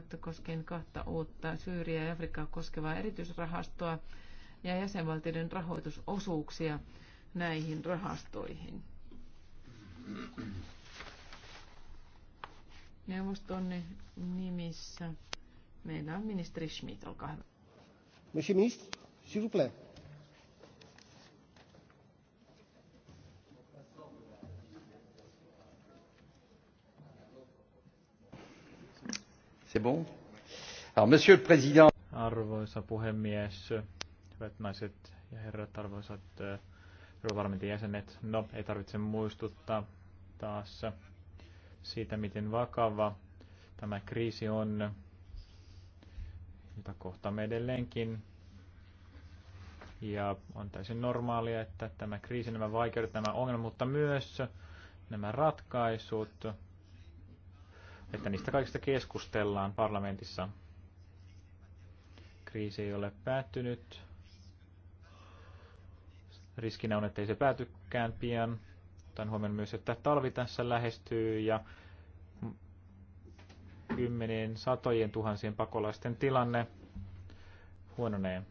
kautta koskien kahta uutta Syyriä ja Afrikkaa koskevaa erityisrahastoa ja jäsenvaltioiden rahoitusosuuksia näihin rahastoihin. Neuvoston nimissä meillä on ministeri Schmidt, olkaa hyvä. Monsieur ministre, s'il vous plaît. monsieur le président. Arvoisa puhemies, hyvät naiset ja herrat, arvoisat parlamentin jäsenet. No, ei tarvitse muistuttaa taas siitä, miten vakava tämä kriisi on, jota kohtaamme edelleenkin. Ja on täysin normaalia, että tämä kriisi, nämä vaikeudet, nämä ongelmat, mutta myös nämä ratkaisut että niistä kaikista keskustellaan parlamentissa. Kriisi ei ole päättynyt. Riskinä on, että ei se päätykään pian. Otan huomioon myös, että talvi tässä lähestyy ja kymmenien, satojen tuhansien pakolaisten tilanne huononee.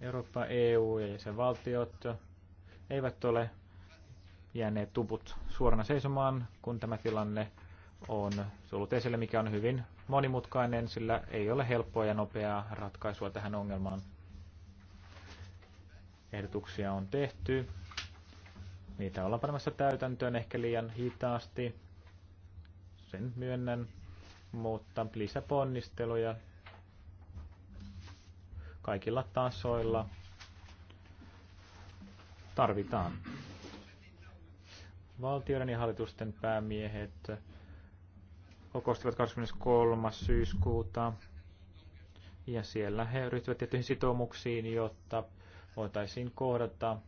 Eurooppa, EU ja sen valtiot eivät ole jääneet tuput suorana seisomaan, kun tämä tilanne on tullut esille, mikä on hyvin monimutkainen, sillä ei ole helppoa ja nopeaa ratkaisua tähän ongelmaan. Ehdotuksia on tehty. Niitä ollaan panemassa täytäntöön ehkä liian hitaasti. Sen myönnän, mutta lisäponnisteluja kaikilla tasoilla tarvitaan valtioiden ja hallitusten päämiehet kokoistivat 23. syyskuuta. Ja siellä he ryhtyivät tiettyihin sitoumuksiin, jotta voitaisiin kohdata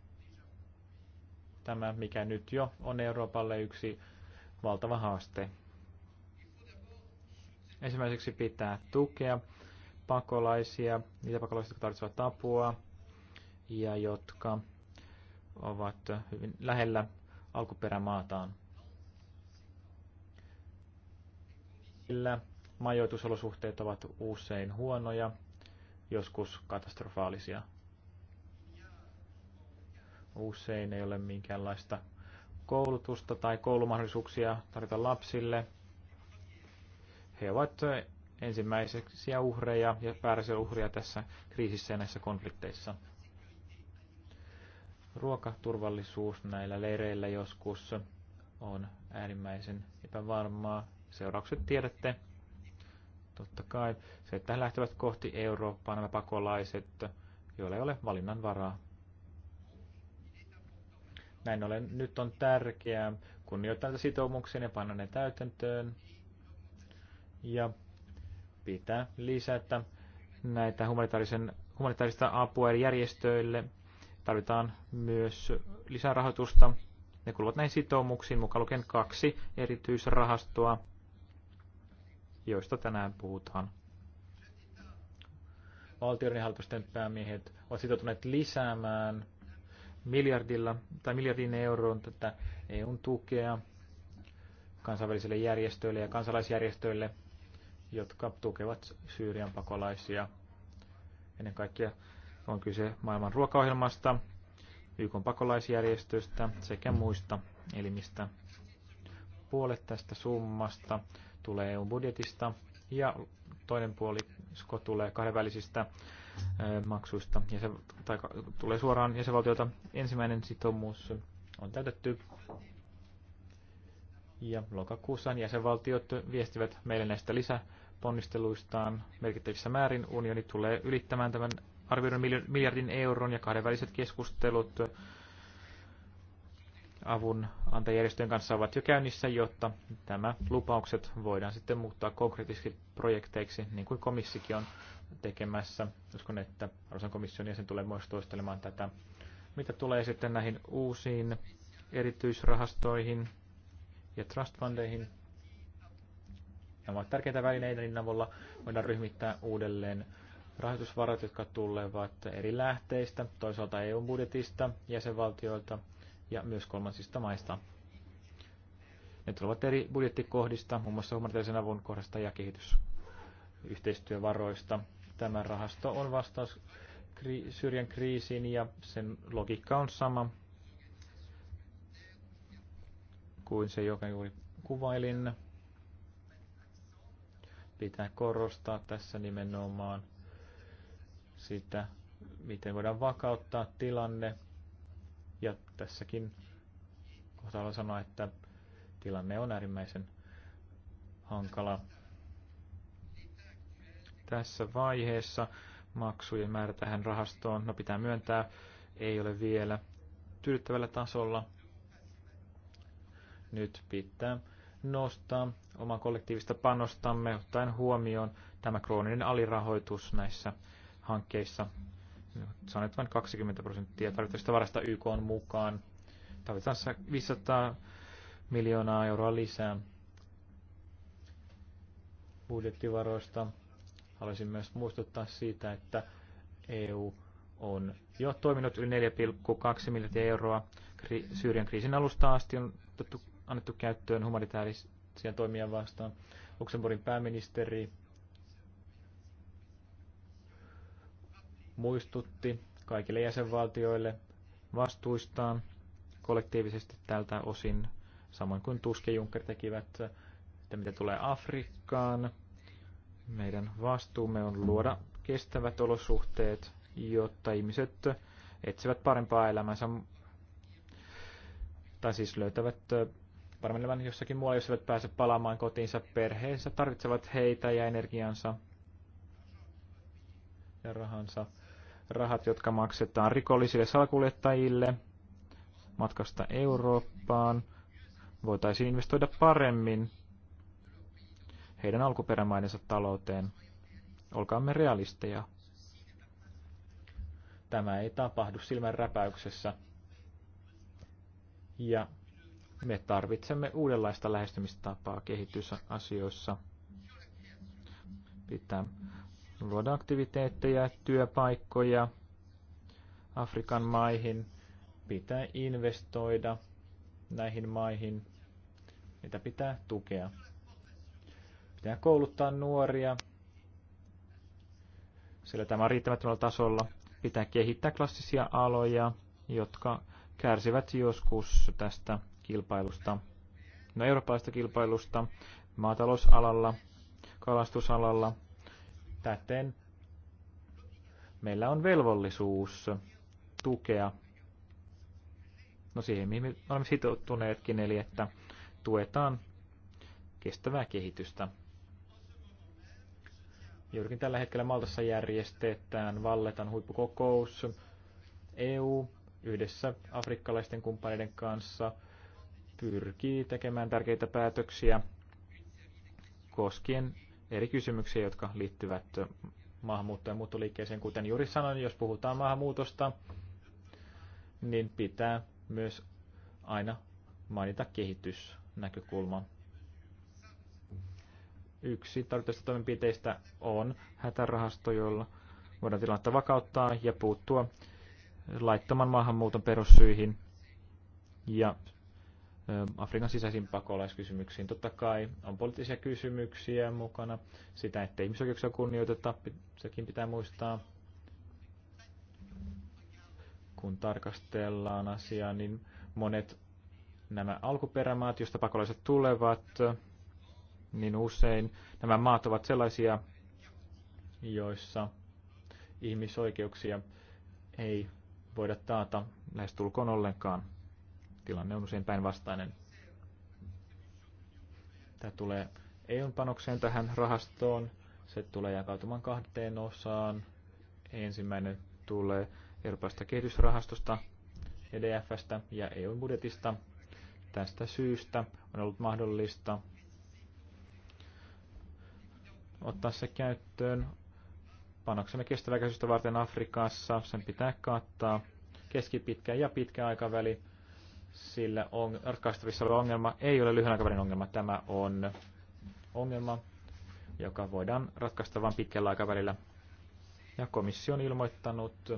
tämä, mikä nyt jo on Euroopalle yksi valtava haaste. Ensimmäiseksi pitää tukea pakolaisia, niitä pakolaisia, jotka tarvitsevat apua ja jotka ovat hyvin lähellä alkuperämaataan. Sillä majoitusolosuhteet ovat usein huonoja, joskus katastrofaalisia. Usein ei ole minkäänlaista koulutusta tai koulumahdollisuuksia tarjota lapsille. He ovat ensimmäisiä uhreja ja pääräisiä uhreja tässä kriisissä ja näissä konflikteissa. Ruokaturvallisuus näillä leireillä joskus on äärimmäisen epävarmaa. Seuraukset tiedätte. Totta kai se, että he lähtevät kohti Eurooppaa nämä pakolaiset, joilla ei ole valinnanvaraa. Näin ollen nyt on tärkeää kunnioittaa näitä sitoumuksia ja panna ne täytäntöön. Ja pitää lisätä näitä humanitaarisen, humanitaarista apua eri järjestöille – Tarvitaan myös lisärahoitusta. Ne kuuluvat näihin sitoumuksiin, mukaan lukien kaksi erityisrahastoa, joista tänään puhutaan. Valtioiden hallitusten päämiehet ovat sitoutuneet lisäämään miljardilla tai miljardin euroon tätä eu tukea kansainvälisille järjestöille ja kansalaisjärjestöille, jotka tukevat Syyrian pakolaisia. Ennen kaikkea on kyse maailman ruokaohjelmasta, YK pakolaisjärjestöstä sekä muista elimistä. Puolet tästä summasta tulee EU-budjetista ja toinen puoli tulee kahdenvälisistä maksuista ja se, tai, tulee suoraan jäsenvaltiota. Ensimmäinen sitoumus on täytetty ja lokakuussa jäsenvaltiot viestivät meille näistä lisäponnisteluistaan merkittävissä määrin. Unioni tulee ylittämään tämän arvioidaan miljardin euron ja kahdenväliset keskustelut avun antajärjestöjen kanssa ovat jo käynnissä, jotta tämä lupaukset voidaan sitten muuttaa konkreettisiksi projekteiksi, niin kuin komissikin on tekemässä. Uskon, että arvoisan komission jäsen tulee myös toistelemaan tätä. Mitä tulee sitten näihin uusiin erityisrahastoihin ja trust fundeihin? Nämä ovat tärkeitä välineitä, niin avulla voidaan ryhmittää uudelleen rahoitusvarat, jotka tulevat eri lähteistä, toisaalta EU-budjetista, jäsenvaltioilta ja myös kolmansista maista. Ne tulevat eri budjettikohdista, muun muassa humanitaarisen avun kohdasta ja kehitysyhteistyövaroista. Tämä rahasto on vastaus kri- Syyrian kriisiin ja sen logiikka on sama kuin se, joka juuri kuvailin. Pitää korostaa tässä nimenomaan – sitä, miten voidaan vakauttaa tilanne. Ja tässäkin kohtaa sanoa, että tilanne on äärimmäisen hankala. Tässä vaiheessa maksujen määrä tähän rahastoon, no pitää myöntää, ei ole vielä tyydyttävällä tasolla. Nyt pitää nostaa omaa kollektiivista panostamme ottaen huomioon tämä krooninen alirahoitus näissä hankkeissa. Saaneet vain 20 prosenttia tarvittavista varasta YK on mukaan. Tarvitaan 500 miljoonaa euroa lisää budjettivaroista. Haluaisin myös muistuttaa siitä, että EU on jo toiminut yli 4,2 miljardia euroa kri- Syyrian kriisin alusta asti on annettu käyttöön humanitaarisia toimia vastaan. Luxemburgin pääministeri muistutti kaikille jäsenvaltioille vastuistaan kollektiivisesti tältä osin, samoin kuin Tuske Juncker tekivät, että mitä tulee Afrikkaan. Meidän vastuumme on luoda kestävät olosuhteet, jotta ihmiset etsivät parempaa elämänsä, tai siis löytävät paremmin elämän jossakin muualla, jos eivät pääse palaamaan kotiinsa perheensä, tarvitsevat heitä ja energiansa ja rahansa rahat, jotka maksetaan rikollisille salakuljettajille matkasta Eurooppaan, voitaisiin investoida paremmin heidän alkuperämaidensa talouteen. Olkaamme realisteja. Tämä ei tapahdu silmän räpäyksessä. Ja me tarvitsemme uudenlaista lähestymistapaa kehitysasioissa. Pitää luoda aktiviteetteja, työpaikkoja Afrikan maihin. Pitää investoida näihin maihin. mitä pitää tukea. Pitää kouluttaa nuoria, sillä tämä on riittämättömällä tasolla. Pitää kehittää klassisia aloja, jotka kärsivät joskus tästä kilpailusta. No eurooppalaista kilpailusta maatalousalalla, kalastusalalla – Täten meillä on velvollisuus tukea, no siihen mihin me olemme sitoutuneetkin, eli että tuetaan kestävää kehitystä. Juurikin tällä hetkellä Maltassa järjestetään Valletan huippukokous. EU yhdessä afrikkalaisten kumppaneiden kanssa pyrkii tekemään tärkeitä päätöksiä koskien eri kysymyksiä, jotka liittyvät maahanmuutto- ja muuttoliikkeeseen. Kuten juuri sanoin, jos puhutaan maahanmuutosta, niin pitää myös aina mainita kehitysnäkökulma. Yksi tarvittavista toimenpiteistä on hätärahasto, jolla voidaan tilannetta vakauttaa ja puuttua laittoman maahanmuuton perussyihin. Ja Afrikan sisäisiin pakolaiskysymyksiin. Totta kai on poliittisia kysymyksiä mukana, sitä, että ihmisoikeuksia kunnioiteta, sekin pitää muistaa. Kun tarkastellaan asiaa, niin monet nämä alkuperämaat, joista pakolaiset tulevat, niin usein nämä maat ovat sellaisia, joissa ihmisoikeuksia ei voida taata lähestulkoon ollenkaan tilanne on usein päinvastainen. Tämä tulee EUn panokseen tähän rahastoon. Se tulee jakautumaan kahteen osaan. Ensimmäinen tulee Euroopasta kehitysrahastosta, EDFstä ja EUn budjetista. Tästä syystä on ollut mahdollista ottaa se käyttöön panoksemme kestävää varten Afrikassa. Sen pitää kattaa keskipitkä ja pitkä aikaväli sillä on, ratkaistavissa oleva ongelma ei ole lyhyen aikavälin ongelma. Tämä on ongelma, joka voidaan ratkaista vain pitkällä aikavälillä. Ja komissio on ilmoittanut,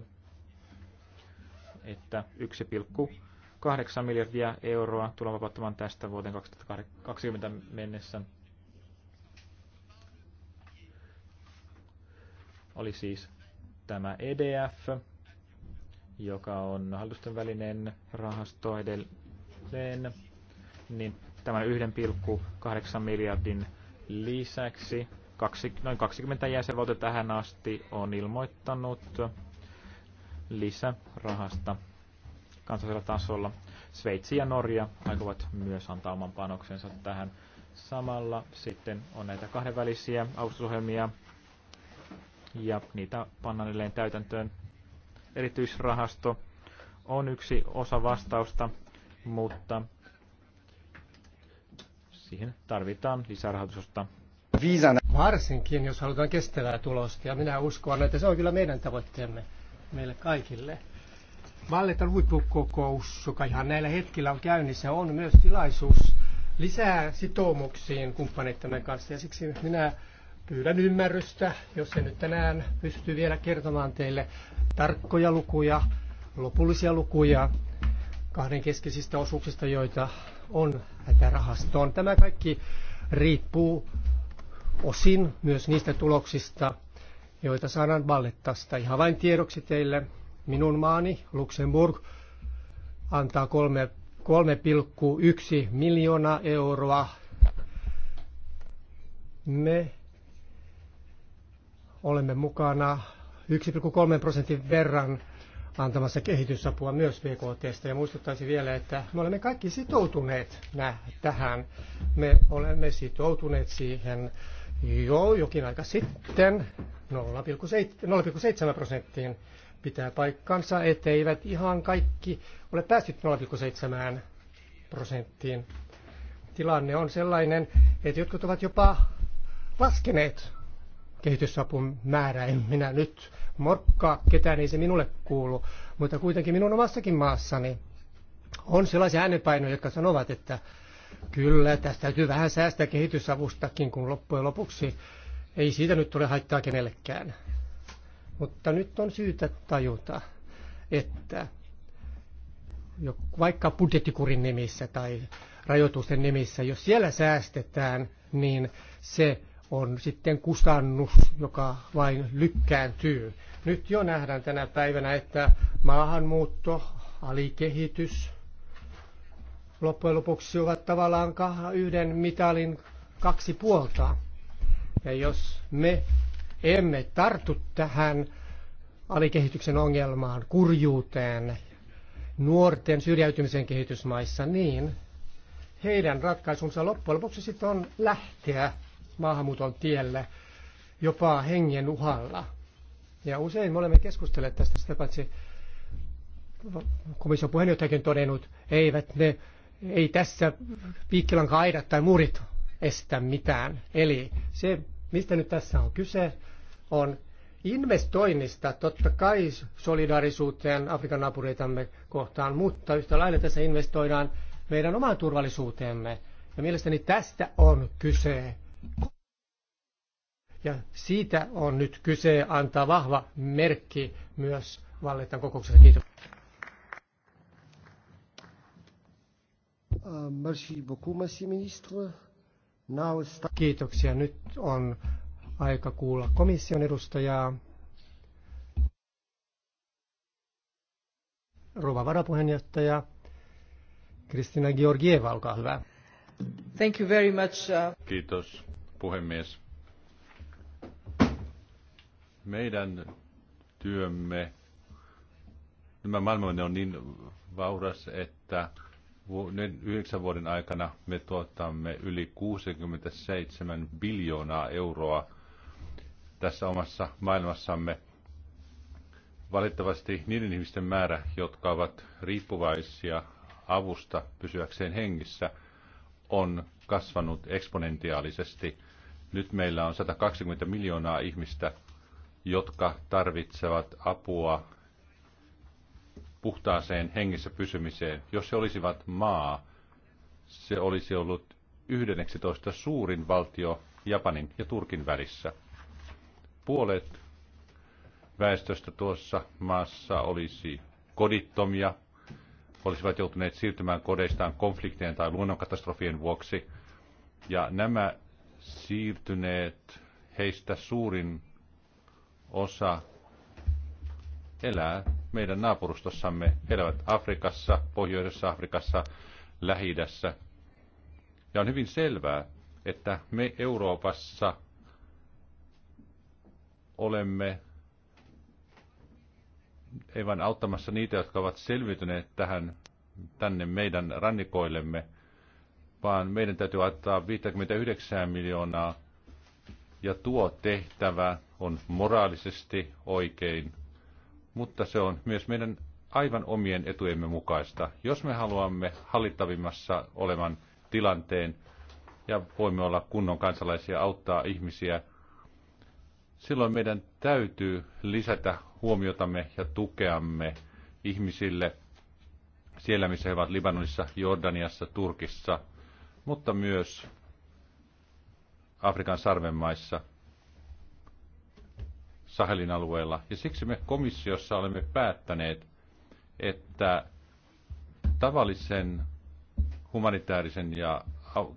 että 1,8 miljardia euroa tullaan vapauttamaan tästä vuoteen 2020 mennessä. Oli siis tämä EDF, joka on hallitusten välinen rahasto edelleen, niin tämän 1,8 miljardin lisäksi kaksi, noin 20 jäsenvaltiota tähän asti on ilmoittanut lisärahasta kansallisella tasolla. Sveitsi ja Norja aikovat myös antaa oman panoksensa tähän. Samalla sitten on näitä kahdenvälisiä avustusohjelmia ja niitä pannaan edelleen täytäntöön erityisrahasto on yksi osa vastausta, mutta siihen tarvitaan lisärahoitusta. Viisana. Varsinkin, jos halutaan kestävää tulosta, ja minä uskon, että se on kyllä meidän tavoitteemme meille kaikille. Valletan huippukokous, joka ihan näillä hetkillä on käynnissä, on myös tilaisuus lisää sitoumuksiin kumppaneittamme kanssa. Ja siksi minä pyydän ymmärrystä, jos en nyt tänään pysty vielä kertomaan teille tarkkoja lukuja, lopullisia lukuja kahden keskeisistä osuuksista, joita on hätärahastoon. Tämä kaikki riippuu osin myös niistä tuloksista, joita saadaan Ballettasta. Ihan vain tiedoksi teille, minun maani Luxemburg antaa 3,1 miljoonaa euroa. Me olemme mukana 1,3 prosentin verran antamassa kehitysapua myös BKT. Ja muistuttaisin vielä, että me olemme kaikki sitoutuneet tähän. Me olemme sitoutuneet siihen jo jokin aika sitten 0,7 prosenttiin pitää paikkansa, etteivät ihan kaikki ole päässyt 0,7 prosenttiin. Tilanne on sellainen, että jotkut ovat jopa laskeneet kehitysapun määrää. En minä nyt Morkka ketään, ei se minulle kuulu, mutta kuitenkin minun omassakin maassani on sellaisia äänenpainoja, jotka sanovat, että kyllä, tästä täytyy vähän säästää kehitysavustakin, kun loppujen lopuksi ei siitä nyt tule haittaa kenellekään. Mutta nyt on syytä tajuta, että vaikka budjettikurin nimissä tai rajoitusten nimissä, jos siellä säästetään, niin se on sitten kustannus, joka vain lykkääntyy. Nyt jo nähdään tänä päivänä, että maahanmuutto, alikehitys, loppujen lopuksi ovat tavallaan yhden mitalin kaksi puolta. Ja jos me emme tartu tähän alikehityksen ongelmaan, kurjuuteen, nuorten syrjäytymisen kehitysmaissa, niin heidän ratkaisunsa loppujen lopuksi sitten on lähteä maahanmuuton tielle, jopa hengen uhalla. Ja usein me olemme keskustelleet tästä, sitä paitsi komission puheenjohtajakin todennut, eivät ne, ei tässä piikkilan aidat tai murit estä mitään. Eli se, mistä nyt tässä on kyse, on investoinnista totta kai solidaarisuuteen Afrikan naapureitamme kohtaan, mutta yhtä lailla tässä investoidaan meidän omaan turvallisuuteemme. Ja mielestäni tästä on kyse. Ja siitä on nyt kyse antaa vahva merkki myös Vallettan kokouksessa. Kiitos. Uh, Kiitoksia. Nyt on aika kuulla komission edustajaa. Rova varapuheenjohtaja Kristina Georgieva, olkaa hyvä. Thank you very much. Uh- Kiitos puhemies. Meidän työmme, nämä maailmamme on niin vauras, että yhdeksän vuoden aikana me tuotamme yli 67 biljoonaa euroa tässä omassa maailmassamme. Valitettavasti niiden ihmisten määrä, jotka ovat riippuvaisia avusta pysyäkseen hengissä, on kasvanut eksponentiaalisesti – nyt meillä on 120 miljoonaa ihmistä, jotka tarvitsevat apua puhtaaseen hengissä pysymiseen. Jos se olisivat maa, se olisi ollut 11 suurin valtio Japanin ja Turkin välissä. Puolet väestöstä tuossa maassa olisi kodittomia, olisivat joutuneet siirtymään kodeistaan konfliktien tai luonnonkatastrofien vuoksi. Ja nämä siirtyneet, heistä suurin osa elää meidän naapurustossamme, elävät Afrikassa, Pohjoisessa Afrikassa, Lähidässä. Ja on hyvin selvää, että me Euroopassa olemme ei vain auttamassa niitä, jotka ovat selviytyneet tähän, tänne meidän rannikoillemme – vaan meidän täytyy antaa 59 miljoonaa. Ja tuo tehtävä on moraalisesti oikein, mutta se on myös meidän aivan omien etujemme mukaista. Jos me haluamme hallittavimmassa olevan tilanteen ja voimme olla kunnon kansalaisia, auttaa ihmisiä, silloin meidän täytyy lisätä huomiotamme ja tukeamme ihmisille siellä, missä he ovat Libanonissa, Jordaniassa, Turkissa – mutta myös Afrikan sarvenmaissa, Sahelin alueella. Ja siksi me komissiossa olemme päättäneet, että tavallisen humanitaarisen ja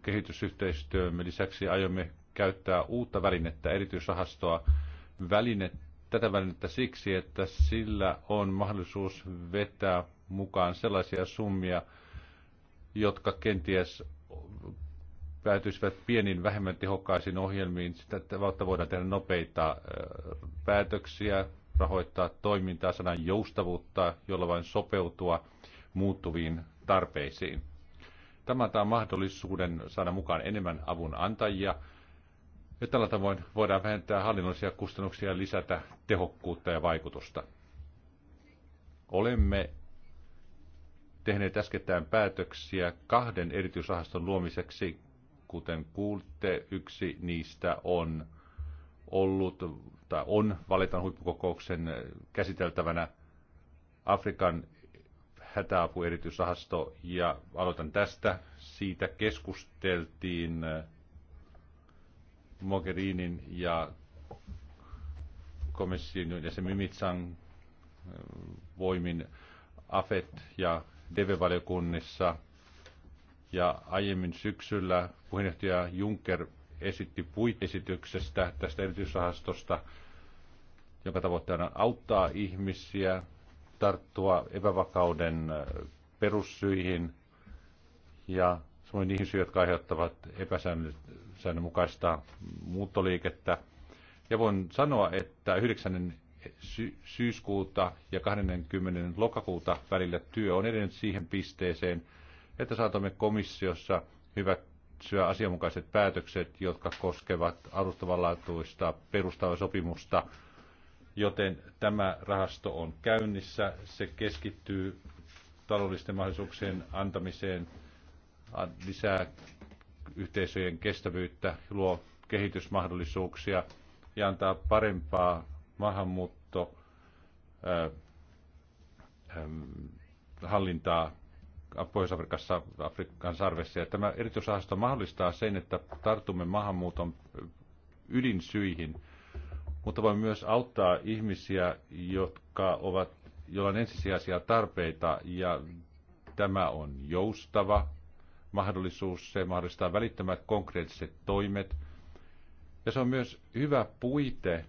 kehitysyhteistyömme lisäksi aiomme käyttää uutta välinettä, erityisrahastoa, väline, tätä välinettä siksi, että sillä on mahdollisuus vetää mukaan sellaisia summia, jotka kenties päätyisivät pienin, vähemmän tehokkaisiin ohjelmiin. Sitä kautta voidaan tehdä nopeita päätöksiä, rahoittaa toimintaa, saada joustavuutta, jolla vain sopeutua muuttuviin tarpeisiin. Tämä antaa mahdollisuuden saada mukaan enemmän avun antajia, ja tällä tavoin voidaan vähentää hallinnollisia kustannuksia ja lisätä tehokkuutta ja vaikutusta. Olemme tehneet äskettäin päätöksiä kahden erityisrahaston luomiseksi Kuten kuulitte, yksi niistä on ollut tai on valitan huippukokouksen käsiteltävänä Afrikan hätäapu erityisrahasto ja aloitan tästä. Siitä keskusteltiin Mogherinin ja komission ja se Mimitsan eh, voimin AFET ja DEVE-valiokunnissa – ja aiemmin syksyllä puheenjohtaja Juncker esitti puitesityksestä tästä erityisrahastosta, jonka tavoitteena on auttaa ihmisiä tarttua epävakauden äh, perussyihin ja samoin niihin syihin, jotka aiheuttavat epäsäännönmukaista muuttoliikettä. Ja voin sanoa, että 9. Sy- syyskuuta ja 20. lokakuuta välillä työ on edennyt siihen pisteeseen, että saatamme komissiossa hyväksyä asianmukaiset päätökset, jotka koskevat alustavanlaatuista perustavaa sopimusta, joten tämä rahasto on käynnissä. Se keskittyy taloudellisten mahdollisuuksien antamiseen lisää yhteisöjen kestävyyttä, luo kehitysmahdollisuuksia ja antaa parempaa maahanmuutto hallintaa Pohjois-Afrikassa, Afrikan sarvessa. Ja tämä erityisrahasto mahdollistaa sen, että tartumme maahanmuuton ydinsyihin, mutta voi myös auttaa ihmisiä, jotka ovat, joilla on ensisijaisia tarpeita ja tämä on joustava mahdollisuus. Se mahdollistaa välittömät konkreettiset toimet. Ja se on myös hyvä puite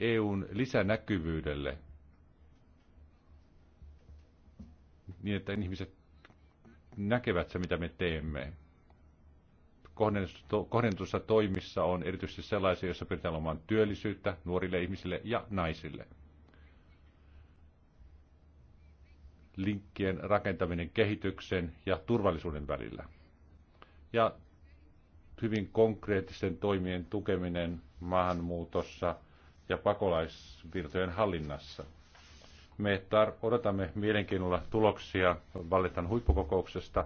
EUn lisänäkyvyydelle, niin että ihmiset näkevät se, mitä me teemme. Kohdennetussa toimissa on erityisesti sellaisia, joissa pyritään olemaan työllisyyttä nuorille ihmisille ja naisille. linkkien rakentaminen kehityksen ja turvallisuuden välillä. Ja hyvin konkreettisten toimien tukeminen maahanmuutossa ja pakolaisvirtojen hallinnassa – me tar- odotamme mielenkiinnolla tuloksia Valletan huippukokouksesta.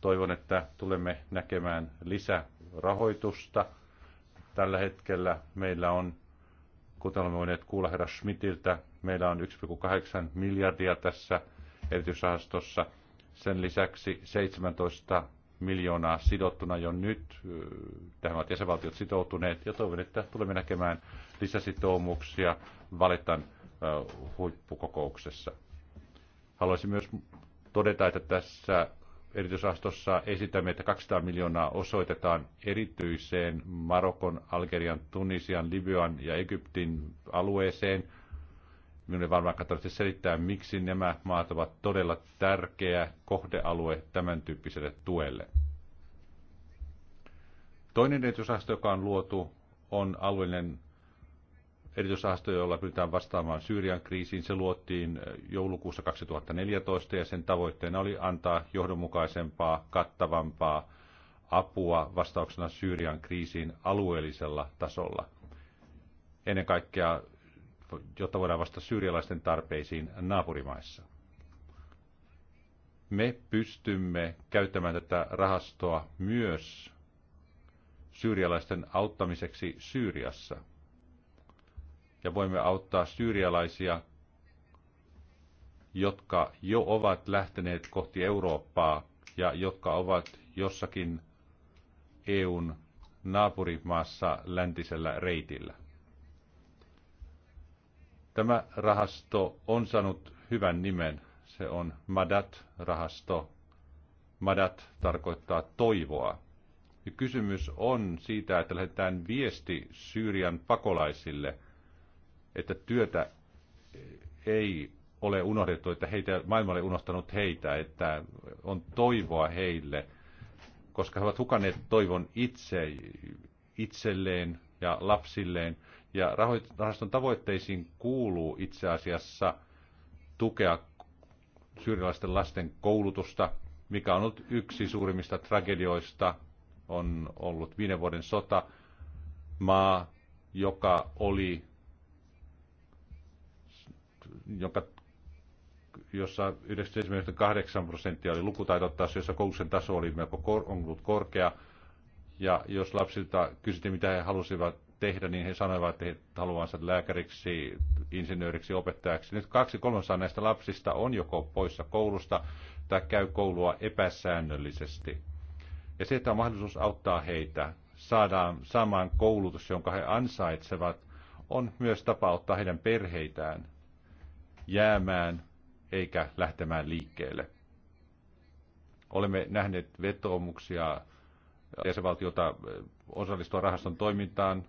Toivon, että tulemme näkemään lisärahoitusta. Tällä hetkellä meillä on, kuten olemme voineet kuulla herra Schmidtiltä, meillä on 1,8 miljardia tässä erityisrahastossa. Sen lisäksi 17 miljoonaa sidottuna jo nyt. Tähän ovat jäsenvaltiot sitoutuneet ja toivon, että tulemme näkemään lisäsitoumuksia valitan huippukokouksessa. Haluaisin myös todeta, että tässä erityisrahastossa esitämme, että 200 miljoonaa osoitetaan erityiseen Marokon, Algerian, Tunisian, Libyan ja Egyptin alueeseen. Minun varmaan tarvitse selittää, miksi nämä maat ovat todella tärkeä kohdealue tämän tyyppiselle tuelle. Toinen erityisrahasto, joka on luotu, on alueellinen erityisrahasto, jolla pyritään vastaamaan Syyrian kriisiin. Se luottiin eh, joulukuussa 2014 ja sen tavoitteena oli antaa johdonmukaisempaa, kattavampaa apua vastauksena Syyrian kriisiin alueellisella tasolla. Ennen kaikkea, jotta voidaan vastata syyrialaisten tarpeisiin naapurimaissa. Me pystymme käyttämään tätä rahastoa myös syyrialaisten auttamiseksi Syyriassa – ja voimme auttaa syyrialaisia, jotka jo ovat lähteneet kohti Eurooppaa ja jotka ovat jossakin EUn naapurimaassa läntisellä reitillä. Tämä rahasto on saanut hyvän nimen. Se on Madat-rahasto. Madat tarkoittaa toivoa. Ja kysymys on siitä, että lähdetään viesti Syyrian pakolaisille – että työtä ei ole unohdettu, että heitä, maailma ei unohtanut heitä, että on toivoa heille, koska he ovat hukanneet toivon itse, itselleen ja lapsilleen. Ja rahaston tavoitteisiin kuuluu itse asiassa tukea syyrialaisten lasten koulutusta, mikä on ollut yksi suurimmista tragedioista, on ollut viime vuoden sota, maa, joka oli jonka jossa 98 prosenttia oli lukutaito jossa koulutuksen taso oli melko kor- on ollut korkea. Ja jos lapsilta kysyttiin, mitä he halusivat tehdä, niin he sanoivat, että he haluavat lääkäriksi, insinööriksi, opettajaksi. Nyt kaksi kolmasosaa näistä lapsista on joko poissa koulusta tai käy koulua epäsäännöllisesti. Ja se, että on mahdollisuus auttaa heitä saadaan, saamaan koulutus, jonka he ansaitsevat, on myös tapa auttaa heidän perheitään jäämään eikä lähtemään liikkeelle. Olemme nähneet vetoomuksia jäsenvaltiota osallistua rahaston toimintaan.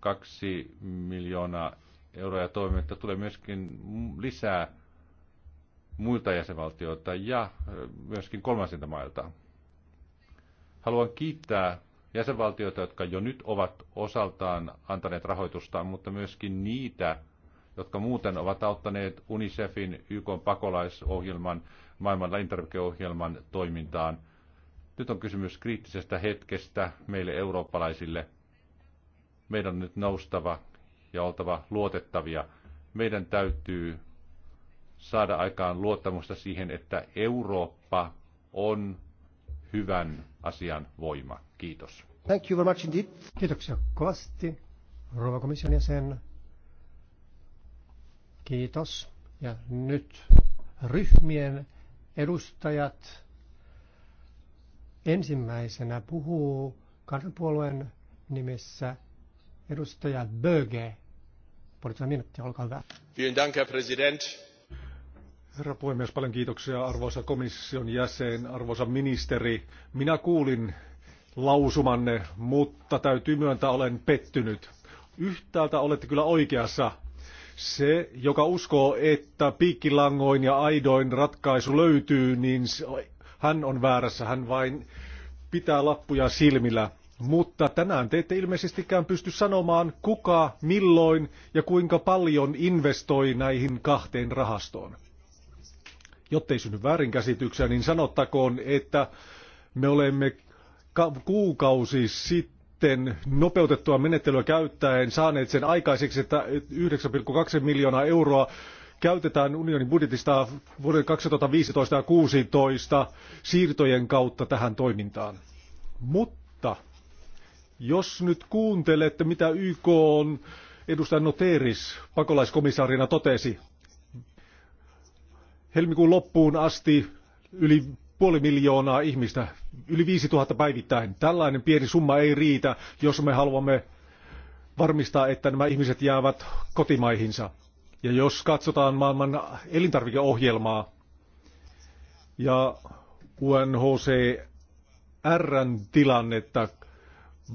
Kaksi miljoonaa ja toimintaa tulee myöskin lisää muilta jäsenvaltioilta ja äh, myöskin kolmansilta mailta. Haluan kiittää jäsenvaltioita, jotka jo nyt ovat osaltaan antaneet rahoitusta, mutta myöskin niitä jotka muuten ovat auttaneet UNICEFin, YK pakolaisohjelman, maailman elintarvikeohjelman toimintaan. Nyt on kysymys kriittisestä hetkestä meille eurooppalaisille. Meidän on nyt noustava ja oltava luotettavia. Meidän täytyy saada aikaan luottamusta siihen, että Eurooppa on hyvän asian voima. Kiitos. Thank you very much indeed. Kiitoksia kovasti, rouva komission jäsen. Kiitos. Ja nyt ryhmien edustajat. Ensimmäisenä puhuu kansanpuolueen nimessä edustaja Böge. Puolitoista minuuttia, olkaa hyvä. Dank, Herr Herra puhemies, paljon kiitoksia arvoisa komission jäsen, arvoisa ministeri. Minä kuulin lausumanne, mutta täytyy myöntää, olen pettynyt. Yhtäältä olette kyllä oikeassa, se, joka uskoo, että piikkilangoin ja aidoin ratkaisu löytyy, niin se hän on väärässä. Hän vain pitää lappuja silmillä. Mutta tänään te ette ilmeisestikään pysty sanomaan, kuka, milloin ja kuinka paljon investoi näihin kahteen rahastoon. ei synny väärinkäsityksiä, niin sanottakoon, että me olemme kuukausi sitten sitten nopeutettua menettelyä käyttäen saaneet sen aikaiseksi, että 9,2 miljoonaa euroa käytetään unionin budjetista vuoden 2015 ja 2016 siirtojen kautta tähän toimintaan. Mutta jos nyt kuuntelette, mitä YK on edustaja Noteris pakolaiskomissaarina totesi, helmikuun loppuun asti yli puoli miljoonaa ihmistä, yli 5000 päivittäin. Tällainen pieni summa ei riitä, jos me haluamme varmistaa, että nämä ihmiset jäävät kotimaihinsa. Ja jos katsotaan maailman elintarvikeohjelmaa ja UNHCRn tilannetta,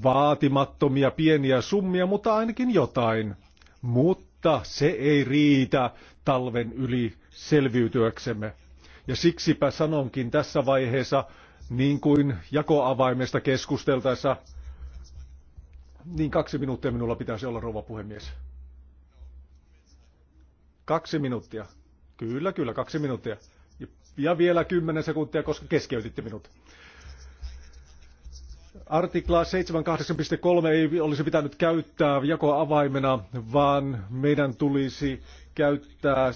vaatimattomia pieniä summia, mutta ainakin jotain. Mutta se ei riitä talven yli selviytyäksemme. Ja siksipä sanonkin tässä vaiheessa, niin kuin jakoavaimesta keskusteltaessa, niin kaksi minuuttia minulla pitäisi olla, rouva puhemies. Kaksi minuuttia. Kyllä, kyllä, kaksi minuuttia. Ja vielä kymmenen sekuntia, koska keskeytitte minut. Artikla 78.3 ei olisi pitänyt käyttää jakoavaimena, vaan meidän tulisi käyttää 79.3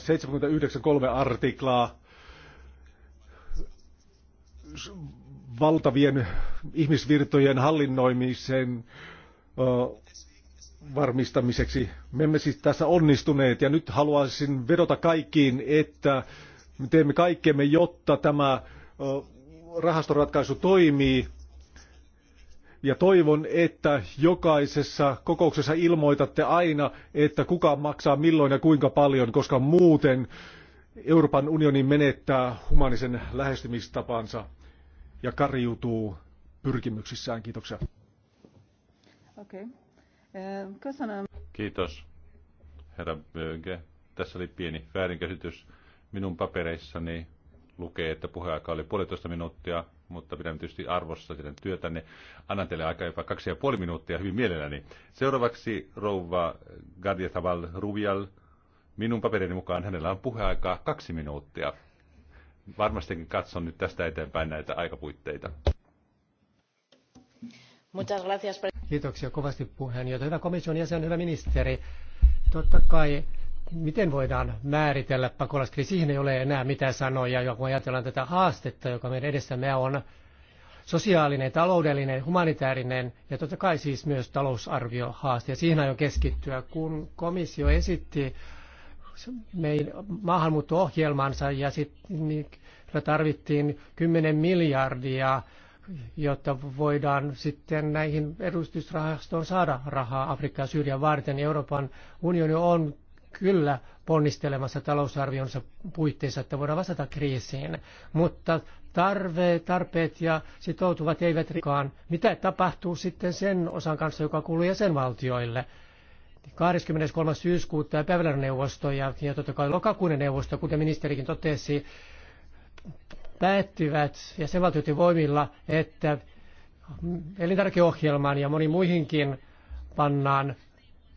artiklaa valtavien ihmisvirtojen hallinnoimisen varmistamiseksi. Me emme siis tässä onnistuneet ja nyt haluaisin vedota kaikkiin, että me teemme kaikkemme, jotta tämä rahastoratkaisu toimii. Ja toivon, että jokaisessa kokouksessa ilmoitatte aina, että kuka maksaa milloin ja kuinka paljon, koska muuten Euroopan unioni menettää humanisen lähestymistapansa ja kariutuu pyrkimyksissään. Kiitoksia. Okay. Eh, Kiitos, herra Böge. Tässä oli pieni väärinkäsitys. Minun papereissani lukee, että puheaika oli puolitoista minuuttia, mutta pidän tietysti arvossa teidän työtänne. Annan teille aikaa jopa kaksi ja puoli minuuttia hyvin mielelläni. Seuraavaksi rouva Gardia Rubial. Minun paperini mukaan hänellä on puheaikaa kaksi minuuttia varmastikin katson nyt tästä eteenpäin näitä aikapuitteita. Kiitoksia kovasti puheenjohtaja. Hyvä komission jäsen, hyvä ministeri. Totta kai, miten voidaan määritellä pakolaiskriisi? Siihen ei ole enää mitään sanoja, ja kun ajatellaan tätä haastetta, joka meidän edessämme on, sosiaalinen, taloudellinen, humanitaarinen ja totta kai siis myös talousarviohaaste. Ja siihen aion keskittyä, kun komissio esitti meidän maahanmuutto-ohjelmansa ja sitten niin, tarvittiin 10 miljardia, jotta voidaan sitten näihin edustusrahastoon saada rahaa Afrikkaa ja Syyrian varten. Euroopan unioni on kyllä ponnistelemassa talousarvionsa puitteissa, että voidaan vastata kriisiin, mutta tarve, tarpeet ja sitoutuvat eivät rikaan. Mitä tapahtuu sitten sen osan kanssa, joka kuuluu jäsenvaltioille? 23. syyskuuta päivällä neuvosto ja, ja totta kai lokakuinen neuvosto, kuten ministerikin totesi, päättyvät ja jäsenvaltioiden voimilla, että elintarkeohjelmaan ja moniin muihinkin pannaan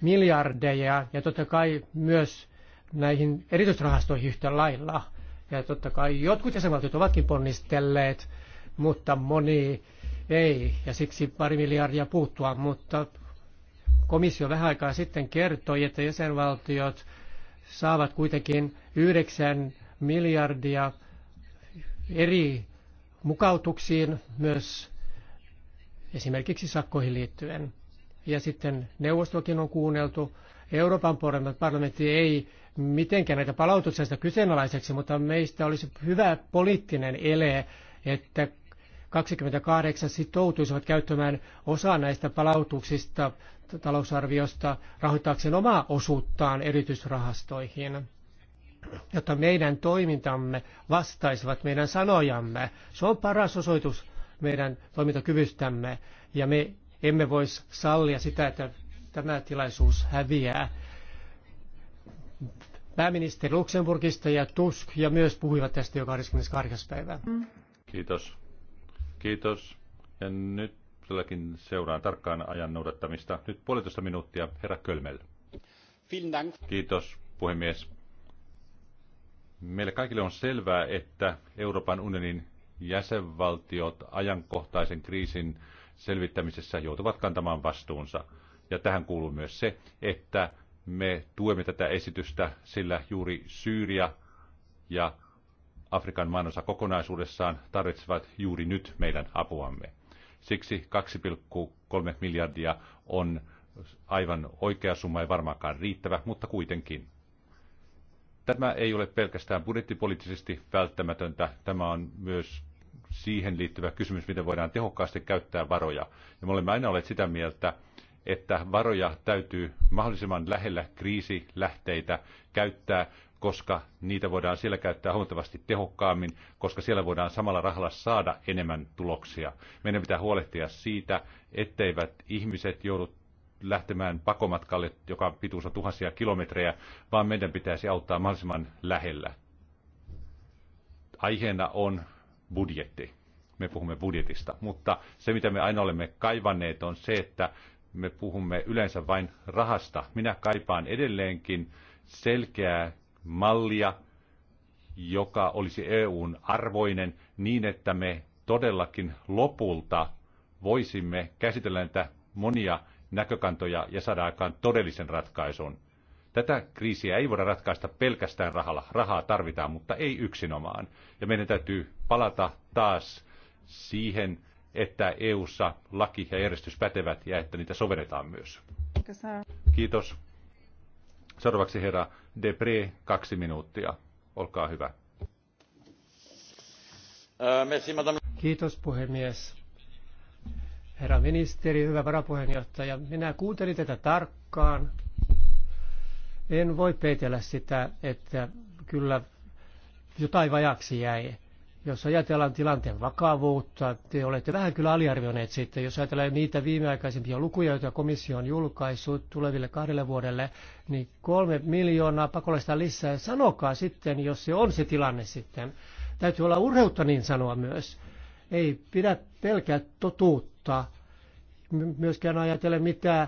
miljardeja ja totta kai myös näihin erityisrahastoihin yhtä lailla. Ja totta kai jotkut jäsenvaltiot ovatkin ponnistelleet, mutta moni ei, ja siksi pari miljardia puuttua, mutta komissio vähän aikaa sitten kertoi, että jäsenvaltiot saavat kuitenkin 9 miljardia eri mukautuksiin myös esimerkiksi sakkoihin liittyen. Ja sitten neuvostokin on kuunneltu. Euroopan parlamentti ei mitenkään näitä palautuksia kyseenalaiseksi, mutta meistä olisi hyvä poliittinen ele, että 28 sitoutuisivat käyttämään osa näistä palautuksista talousarviosta rahoittaakseen omaa osuuttaan erityisrahastoihin, jotta meidän toimintamme vastaisivat meidän sanojamme. Se on paras osoitus meidän toimintakyvystämme ja me emme voisi sallia sitä, että tämä tilaisuus häviää. Pääministeri Luxemburgista ja Tusk ja myös puhuivat tästä jo 28. päivää. Kiitos. Kiitos. Ja nyt todellakin seuraan tarkkaan ajan noudattamista. Nyt puolitoista minuuttia, herra Kölmel. Kiitos, puhemies. Meille kaikille on selvää, että Euroopan unionin jäsenvaltiot ajankohtaisen kriisin selvittämisessä joutuvat kantamaan vastuunsa. Ja tähän kuuluu myös se, että me tuemme tätä esitystä, sillä juuri Syyria ja Afrikan maanosa kokonaisuudessaan tarvitsevat juuri nyt meidän apuamme. Siksi 2,3 miljardia on aivan oikea summa, ei varmaankaan riittävä, mutta kuitenkin. Tämä ei ole pelkästään budjettipoliittisesti välttämätöntä, tämä on myös siihen liittyvä kysymys, miten voidaan tehokkaasti käyttää varoja. Ja me olemme aina olleet sitä mieltä, että varoja täytyy mahdollisimman lähellä kriisilähteitä käyttää koska niitä voidaan siellä käyttää huomattavasti tehokkaammin, koska siellä voidaan samalla rahalla saada enemmän tuloksia. Meidän pitää huolehtia siitä, etteivät ihmiset joudu lähtemään pakomatkalle, joka on pituus on tuhansia kilometrejä, vaan meidän pitäisi auttaa mahdollisimman lähellä. Aiheena on budjetti. Me puhumme budjetista, mutta se mitä me aina olemme kaivanneet on se, että me puhumme yleensä vain rahasta. Minä kaipaan edelleenkin selkeää mallia, joka olisi EUn arvoinen niin, että me todellakin lopulta voisimme käsitellä näitä monia näkökantoja ja saada aikaan todellisen ratkaisun. Tätä kriisiä ei voida ratkaista pelkästään rahalla. Rahaa tarvitaan, mutta ei yksinomaan. Ja meidän täytyy palata taas siihen, että EU:ssa laki ja järjestys pätevät ja että niitä sovelletaan myös. Kiitos. Seuraavaksi herra Depre, kaksi minuuttia. Olkaa hyvä. Äh, Kiitos puhemies. Herra ministeri, hyvä varapuheenjohtaja, minä kuuntelin tätä tarkkaan. En voi peitellä sitä, että kyllä jotain vajaksi jäi. Jos ajatellaan tilanteen vakavuutta, te olette vähän kyllä aliarvioineet sitten. Jos ajatellaan niitä viimeaikaisempia lukuja, joita komissio on julkaissut tuleville kahdelle vuodelle, niin kolme miljoonaa pakolaista lisää. Sanokaa sitten, jos se on se tilanne sitten. Täytyy olla urheutta niin sanoa myös. Ei pidä pelkää totuutta. Myöskään ajatella mitä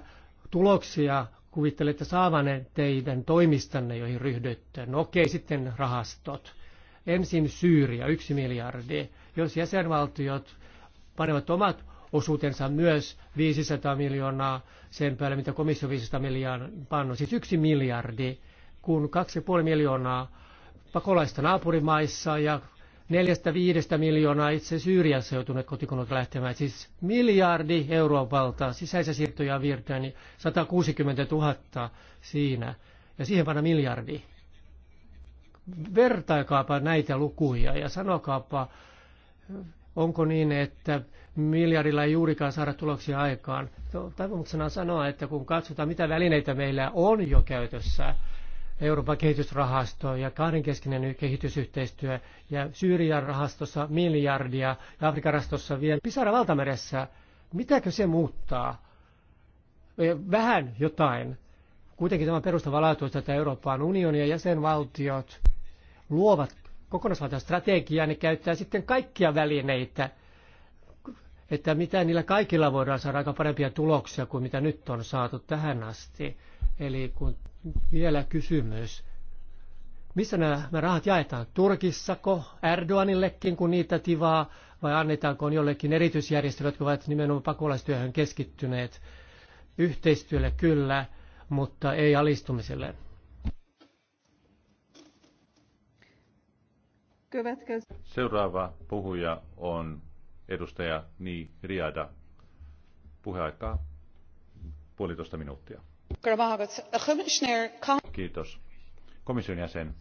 tuloksia kuvittelette saavanne teidän toimistanne, joihin ryhdytte. No okei, sitten rahastot. Ensin Syyria, yksi miljardi. Jos jäsenvaltiot panevat omat osuutensa myös 500 miljoonaa sen päälle, mitä komissio 500 miljoonaa pannut, siis yksi miljardi, kun 2,5 miljoonaa pakolaista naapurimaissa ja neljästä viidestä miljoonaa itse Syyriassa joutuneet kotikunnat lähtemään. Siis miljardi euroa valtaa, sisäisiä siirtoja virtoja, niin 160 000 siinä. Ja siihen panna miljardi vertaikaapa näitä lukuja ja sanokaapa, onko niin, että miljardilla ei juurikaan saada tuloksia aikaan. No, on sanoa, että kun katsotaan, mitä välineitä meillä on jo käytössä, Euroopan kehitysrahasto ja kahdenkeskinen kehitysyhteistyö ja Syyrian rahastossa miljardia ja Afrikan rahastossa vielä Pisara valtameressä. Mitäkö se muuttaa? E, vähän jotain. Kuitenkin tämä perustava laatu, että Euroopan unioni ja jäsenvaltiot luovat kokonaisvaltaista strategiaa, ne käyttää sitten kaikkia välineitä, että mitä niillä kaikilla voidaan saada aika parempia tuloksia kuin mitä nyt on saatu tähän asti. Eli kun vielä kysymys, missä nämä rahat jaetaan? Turkissako, Erdoganillekin, kun niitä tivaa, vai annetaanko jollekin erityisjärjestöille, jotka ovat nimenomaan pakolaistyöhön keskittyneet? Yhteistyölle kyllä, mutta ei alistumiselle. Seuraava puhuja on edustaja Ni Riada. Puheaikaa puolitoista minuuttia. Kiitos. Komission jäsen,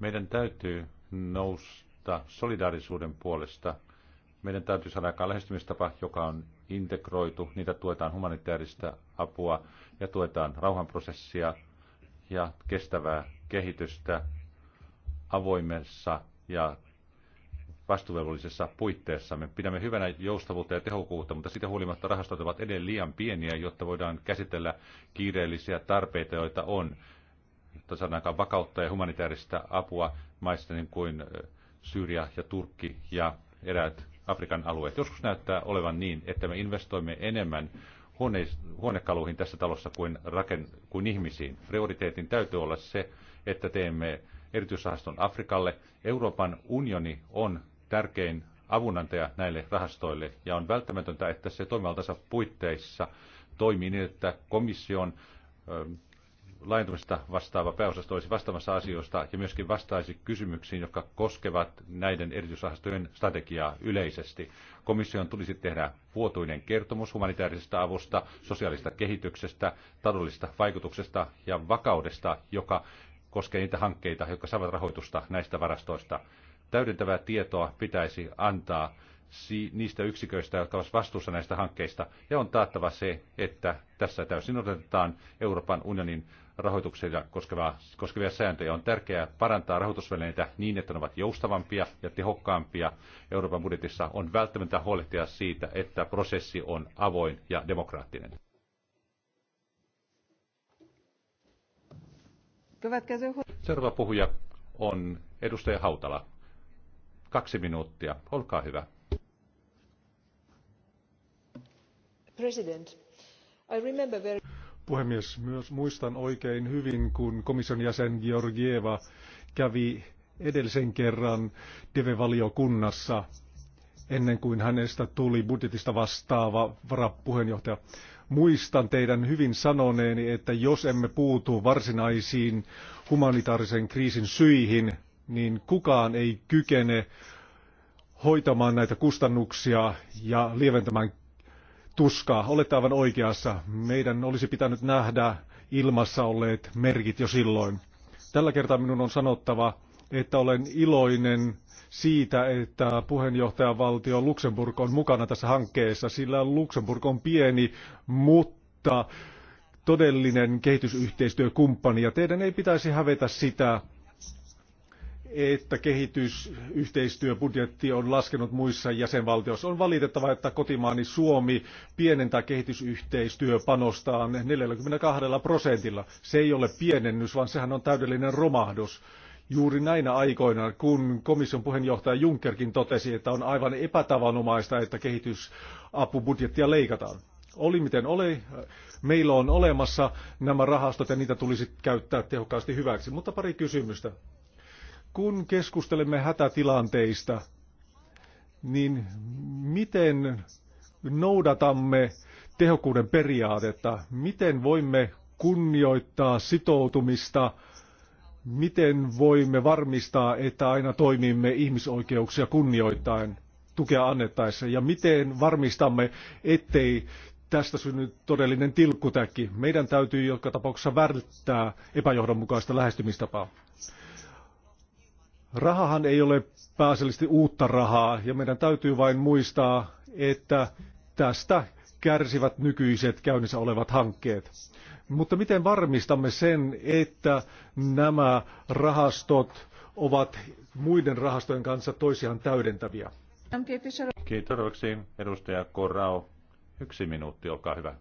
meidän täytyy nousta solidaarisuuden puolesta. Meidän täytyy saada aikaan lähestymistapa, joka on integroitu. Niitä tuetaan humanitaarista apua ja tuetaan rauhanprosessia ja kestävää kehitystä avoimessa ja vastuvelvollisessa puitteissa. Me pidämme hyvänä joustavuutta ja tehokkuutta, mutta sitä huolimatta rahastot ovat edelleen liian pieniä, jotta voidaan käsitellä kiireellisiä tarpeita, joita on. Jotta saadaan vakautta ja humanitaarista apua maista niin kuin Syyria ja Turkki ja eräät Afrikan alueet. Joskus näyttää olevan niin, että me investoimme enemmän huonekaluihin tässä talossa kuin, raken, kuin ihmisiin. Prioriteetin täytyy olla se, että teemme erityisrahaston Afrikalle. Euroopan unioni on tärkein avunantaja näille rahastoille ja on välttämätöntä, että se toimivaltansa puitteissa toimii niin, että komission laajentumista vastaava pääosasto olisi vastaamassa asioista ja myöskin vastaisi kysymyksiin, jotka koskevat näiden erityisrahastojen strategiaa yleisesti. Komission tulisi tehdä vuotuinen kertomus humanitaarisesta avusta, sosiaalista kehityksestä, taloudellisesta vaikutuksesta ja vakaudesta, joka koskee niitä hankkeita, jotka saavat rahoitusta näistä varastoista. Täydentävää tietoa pitäisi antaa niistä yksiköistä, jotka ovat vastuussa näistä hankkeista, ja on taattava se, että tässä täysin otetaan Euroopan unionin rahoituksia koskevaa, koskevia sääntöjä. On tärkeää parantaa rahoitusvälineitä niin, että ne ovat joustavampia ja tehokkaampia. Euroopan budjetissa on välttämättä huolehtia siitä, että prosessi on avoin ja demokraattinen. Seuraava puhuja on edustaja Hautala. Kaksi minuuttia. Olkaa hyvä. President, I remember very... Puhemies, myös muistan oikein hyvin, kun komission jäsen Georgieva kävi edellisen kerran DEVE-valiokunnassa ennen kuin hänestä tuli budjetista vastaava varapuheenjohtaja muistan teidän hyvin sanoneeni, että jos emme puutu varsinaisiin humanitaarisen kriisin syihin, niin kukaan ei kykene hoitamaan näitä kustannuksia ja lieventämään tuskaa. Olette aivan oikeassa. Meidän olisi pitänyt nähdä ilmassa olleet merkit jo silloin. Tällä kertaa minun on sanottava, että olen iloinen siitä, että puheenjohtajavaltio Luxemburg on mukana tässä hankkeessa, sillä Luxemburg on pieni, mutta todellinen kehitysyhteistyökumppani ja teidän ei pitäisi hävetä sitä, että kehitysyhteistyöbudjetti on laskenut muissa jäsenvaltioissa. On valitettavaa, että kotimaani Suomi pienentää kehitysyhteistyöpanostaan 42 prosentilla. Se ei ole pienennys, vaan sehän on täydellinen romahdus juuri näinä aikoina, kun komission puheenjohtaja Junckerkin totesi, että on aivan epätavanomaista, että kehitysapubudjettia leikataan. Oli miten oli, meillä on olemassa nämä rahastot ja niitä tulisi käyttää tehokkaasti hyväksi. Mutta pari kysymystä. Kun keskustelemme hätätilanteista, niin miten noudatamme tehokkuuden periaatetta? Miten voimme kunnioittaa sitoutumista miten voimme varmistaa, että aina toimimme ihmisoikeuksia kunnioittain tukea annettaessa ja miten varmistamme, ettei tästä synny todellinen tilkkutäkki. Meidän täytyy joka tapauksessa välttää epäjohdonmukaista lähestymistapaa. Rahahan ei ole pääasiallisesti uutta rahaa ja meidän täytyy vain muistaa, että tästä kärsivät nykyiset käynnissä olevat hankkeet. Mutta miten varmistamme sen, että nämä rahastot ovat muiden rahastojen kanssa toisiaan täydentäviä? Kiitos. Edustaja Korrao, Yksi minuutti, olkaa hyvä.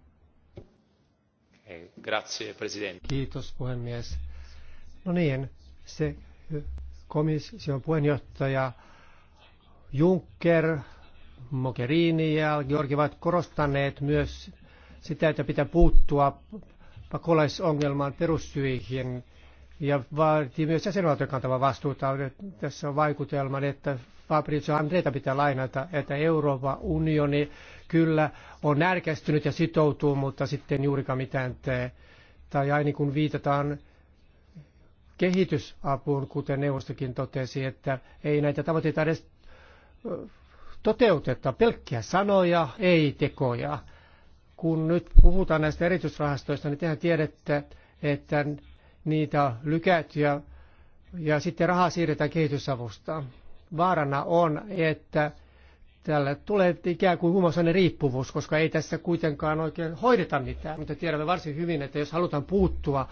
Grazie, Kiitos puhemies. No niin, se komission puheenjohtaja Juncker, Mogherini ja Georgi ovat korostaneet myös sitä, että pitää puuttua pakolaisongelman perussyihin ja vaati myös jäsenvaltion kantava vastuuta. Tässä on vaikutelma, että Fabrizio Andreita pitää lainata, että Euroopan unioni kyllä on närkästynyt ja sitoutuu, mutta sitten juurikaan mitään tee. Tai aina kun viitataan kehitysapuun, kuten neuvostokin totesi, että ei näitä tavoitteita edes toteuteta, pelkkiä sanoja, ei tekoja kun nyt puhutaan näistä erityisrahastoista, niin tehän tiedätte, että niitä on lykätty ja, ja sitten rahaa siirretään kehitysavusta. Vaarana on, että tällä tulee ikään kuin huumausaineen riippuvuus, koska ei tässä kuitenkaan oikein hoideta mitään. Mutta tiedämme varsin hyvin, että jos halutaan puuttua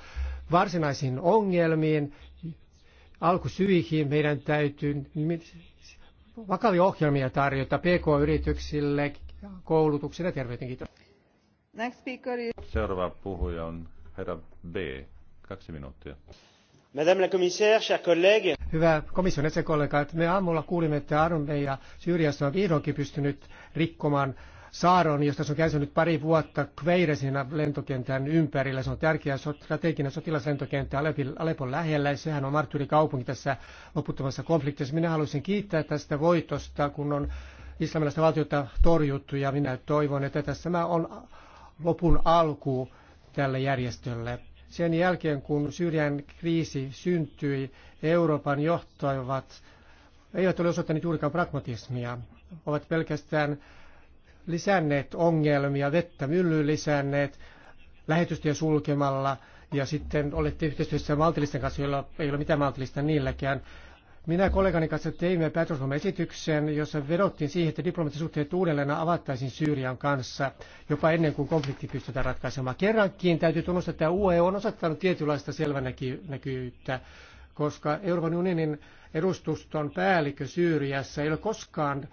varsinaisiin ongelmiin, alkusyihin, meidän täytyy vakavia ohjelmia tarjota pk-yrityksille, koulutuksille ja terveydenkin. Next speaker is... Seuraava puhuja on herra B. Kaksi minuuttia. Madame la commissaire, chers collègues. Hyvä komission jäsenkollegat, me aamulla kuulimme, että armeija Syyriassa on vihdoinkin pystynyt rikkomaan saaron, josta se on kärsinyt pari vuotta Kveiresina lentokentän ympärillä. Se on tärkeä strateginen sotilaslentokenttä Alepon lähellä ja sehän on marttyyrikaupunki tässä loputtomassa konfliktissa. Minä haluaisin kiittää tästä voitosta, kun on islamilaista valtiota torjuttu ja minä toivon, että tässä on lopun alku tälle järjestölle. Sen jälkeen, kun Syyrian kriisi syntyi, Euroopan johtajat eivät ole osoittaneet juurikaan pragmatismia, ovat pelkästään lisänneet ongelmia, vettä myllyyn lisänneet, lähetystöjä sulkemalla, ja sitten olette yhteistyössä maltillisten kanssa, joilla ei ole mitään maltillista niilläkään. Minä kollegani kanssa teimme esityksen, jossa vedottiin siihen, että diplomatisuhteet uudelleen avattaisiin Syyrian kanssa jopa ennen kuin konflikti pystytään ratkaisemaan. Kerrankin täytyy tunnustaa, että UE on osoittanut tietynlaista selvänäkyvyyttä, koska Euroopan unionin edustuston päällikkö Syyriassa ei ole koskaan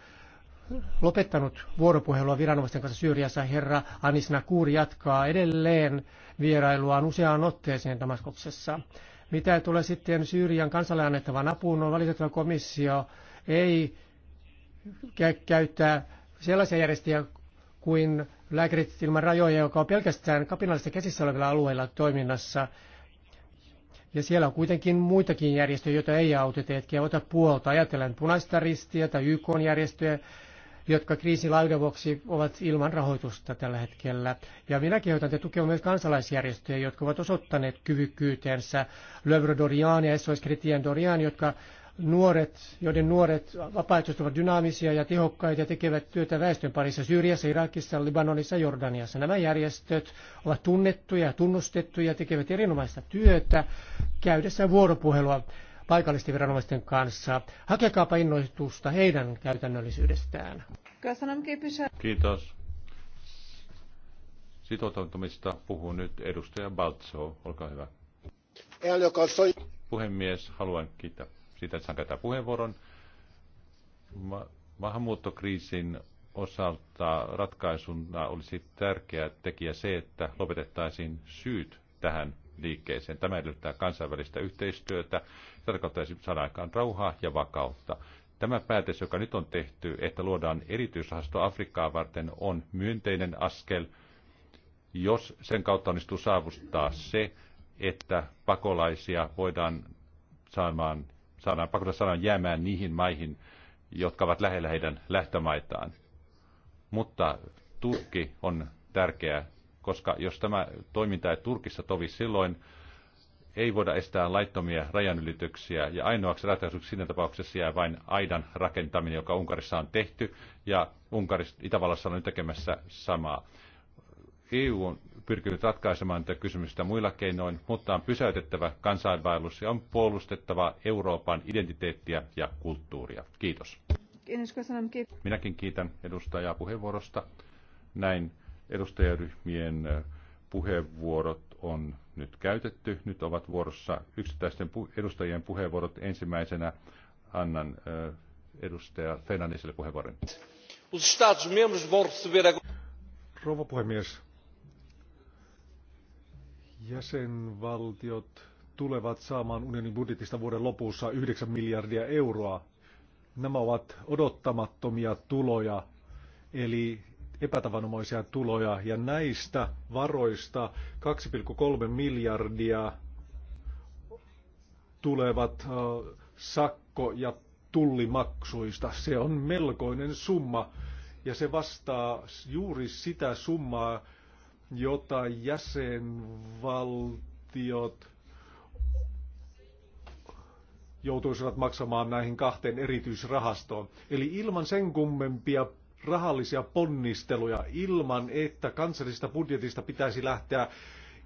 lopettanut vuoropuhelua viranomaisten kanssa Syyriassa. Herra Anisna Kuuri jatkaa edelleen vierailuaan useaan otteeseen Damaskoksessa. Mitä tulee sitten Syyrian kansalle annettavaan apuun, on no valitettava komissio ei käyttää sellaisia järjestöjä kuin lääkärit ilman rajoja, joka on pelkästään kapinallisissa käsissä olevilla alueilla toiminnassa. Ja siellä on kuitenkin muitakin järjestöjä, joita ei auteta, etkä ota puolta. Ajatellen punaista ristiä tai YK-järjestöjä, jotka kriisin laajuuden vuoksi ovat ilman rahoitusta tällä hetkellä. Ja minä kehotan te tukea myös kansalaisjärjestöjä, jotka ovat osoittaneet kyvykkyytensä. Lövro Dorian ja SOS Kritien Dorian, jotka nuoret, joiden nuoret vapaaehtoiset ovat dynaamisia ja tehokkaita ja tekevät työtä väestön parissa Syyriassa, Irakissa, Libanonissa, Jordaniassa. Nämä järjestöt ovat tunnettuja ja tunnustettuja ja tekevät erinomaista työtä Käydessä vuoropuhelua paikallisten viranomaisten kanssa. Hakekaapa innoitusta heidän käytännöllisyydestään. Kiitos. Sitoutumista puhuu nyt edustaja Baltso. Olkaa hyvä. Puhemies, haluan kiittää siitä, että saan käyttää puheenvuoron. Ma- maahanmuuttokriisin osalta ratkaisuna olisi tärkeä tekijä se, että lopetettaisiin syyt tähän liikkeeseen. Tämä edellyttää kansainvälistä yhteistyötä Tätä saada aikaan rauhaa ja vakautta. Tämä päätös, joka nyt on tehty, että luodaan erityisrahasto Afrikkaa varten, on myönteinen askel, jos sen kautta onnistuu saavuttaa se, että pakolaisia voidaan saamaan, saadaan, pakolaisia saadaan jäämään niihin maihin, jotka ovat lähellä heidän lähtömaitaan. Mutta Turkki on tärkeä, koska jos tämä toiminta ei Turkissa tovi silloin, ei voida estää laittomia rajanylityksiä ja ainoaksi ratkaisuksi siinä tapauksessa jää vain aidan rakentaminen, joka Unkarissa on tehty ja Unkarissa, Itävallassa on nyt tekemässä samaa. EU on pyrkinyt ratkaisemaan tätä kysymystä muilla keinoin, mutta on pysäytettävä kansainvaellus ja on puolustettava Euroopan identiteettiä ja kulttuuria. Kiitos. Minäkin kiitän edustajaa puheenvuorosta. Näin edustajaryhmien puheenvuorot on nyt käytetty. Nyt ovat vuorossa yksittäisten edustajien puheenvuorot. Ensimmäisenä annan edustaja Fernandesille puheenvuoron. Rouva puhemies, jäsenvaltiot tulevat saamaan unionin budjetista vuoden lopussa 9 miljardia euroa. Nämä ovat odottamattomia tuloja, eli epätavanomaisia tuloja ja näistä varoista 2,3 miljardia tulevat sakko- ja tullimaksuista. Se on melkoinen summa ja se vastaa juuri sitä summaa, jota jäsenvaltiot joutuisivat maksamaan näihin kahteen erityisrahastoon. Eli ilman sen kummempia rahallisia ponnisteluja ilman, että kansallisesta budjetista pitäisi lähteä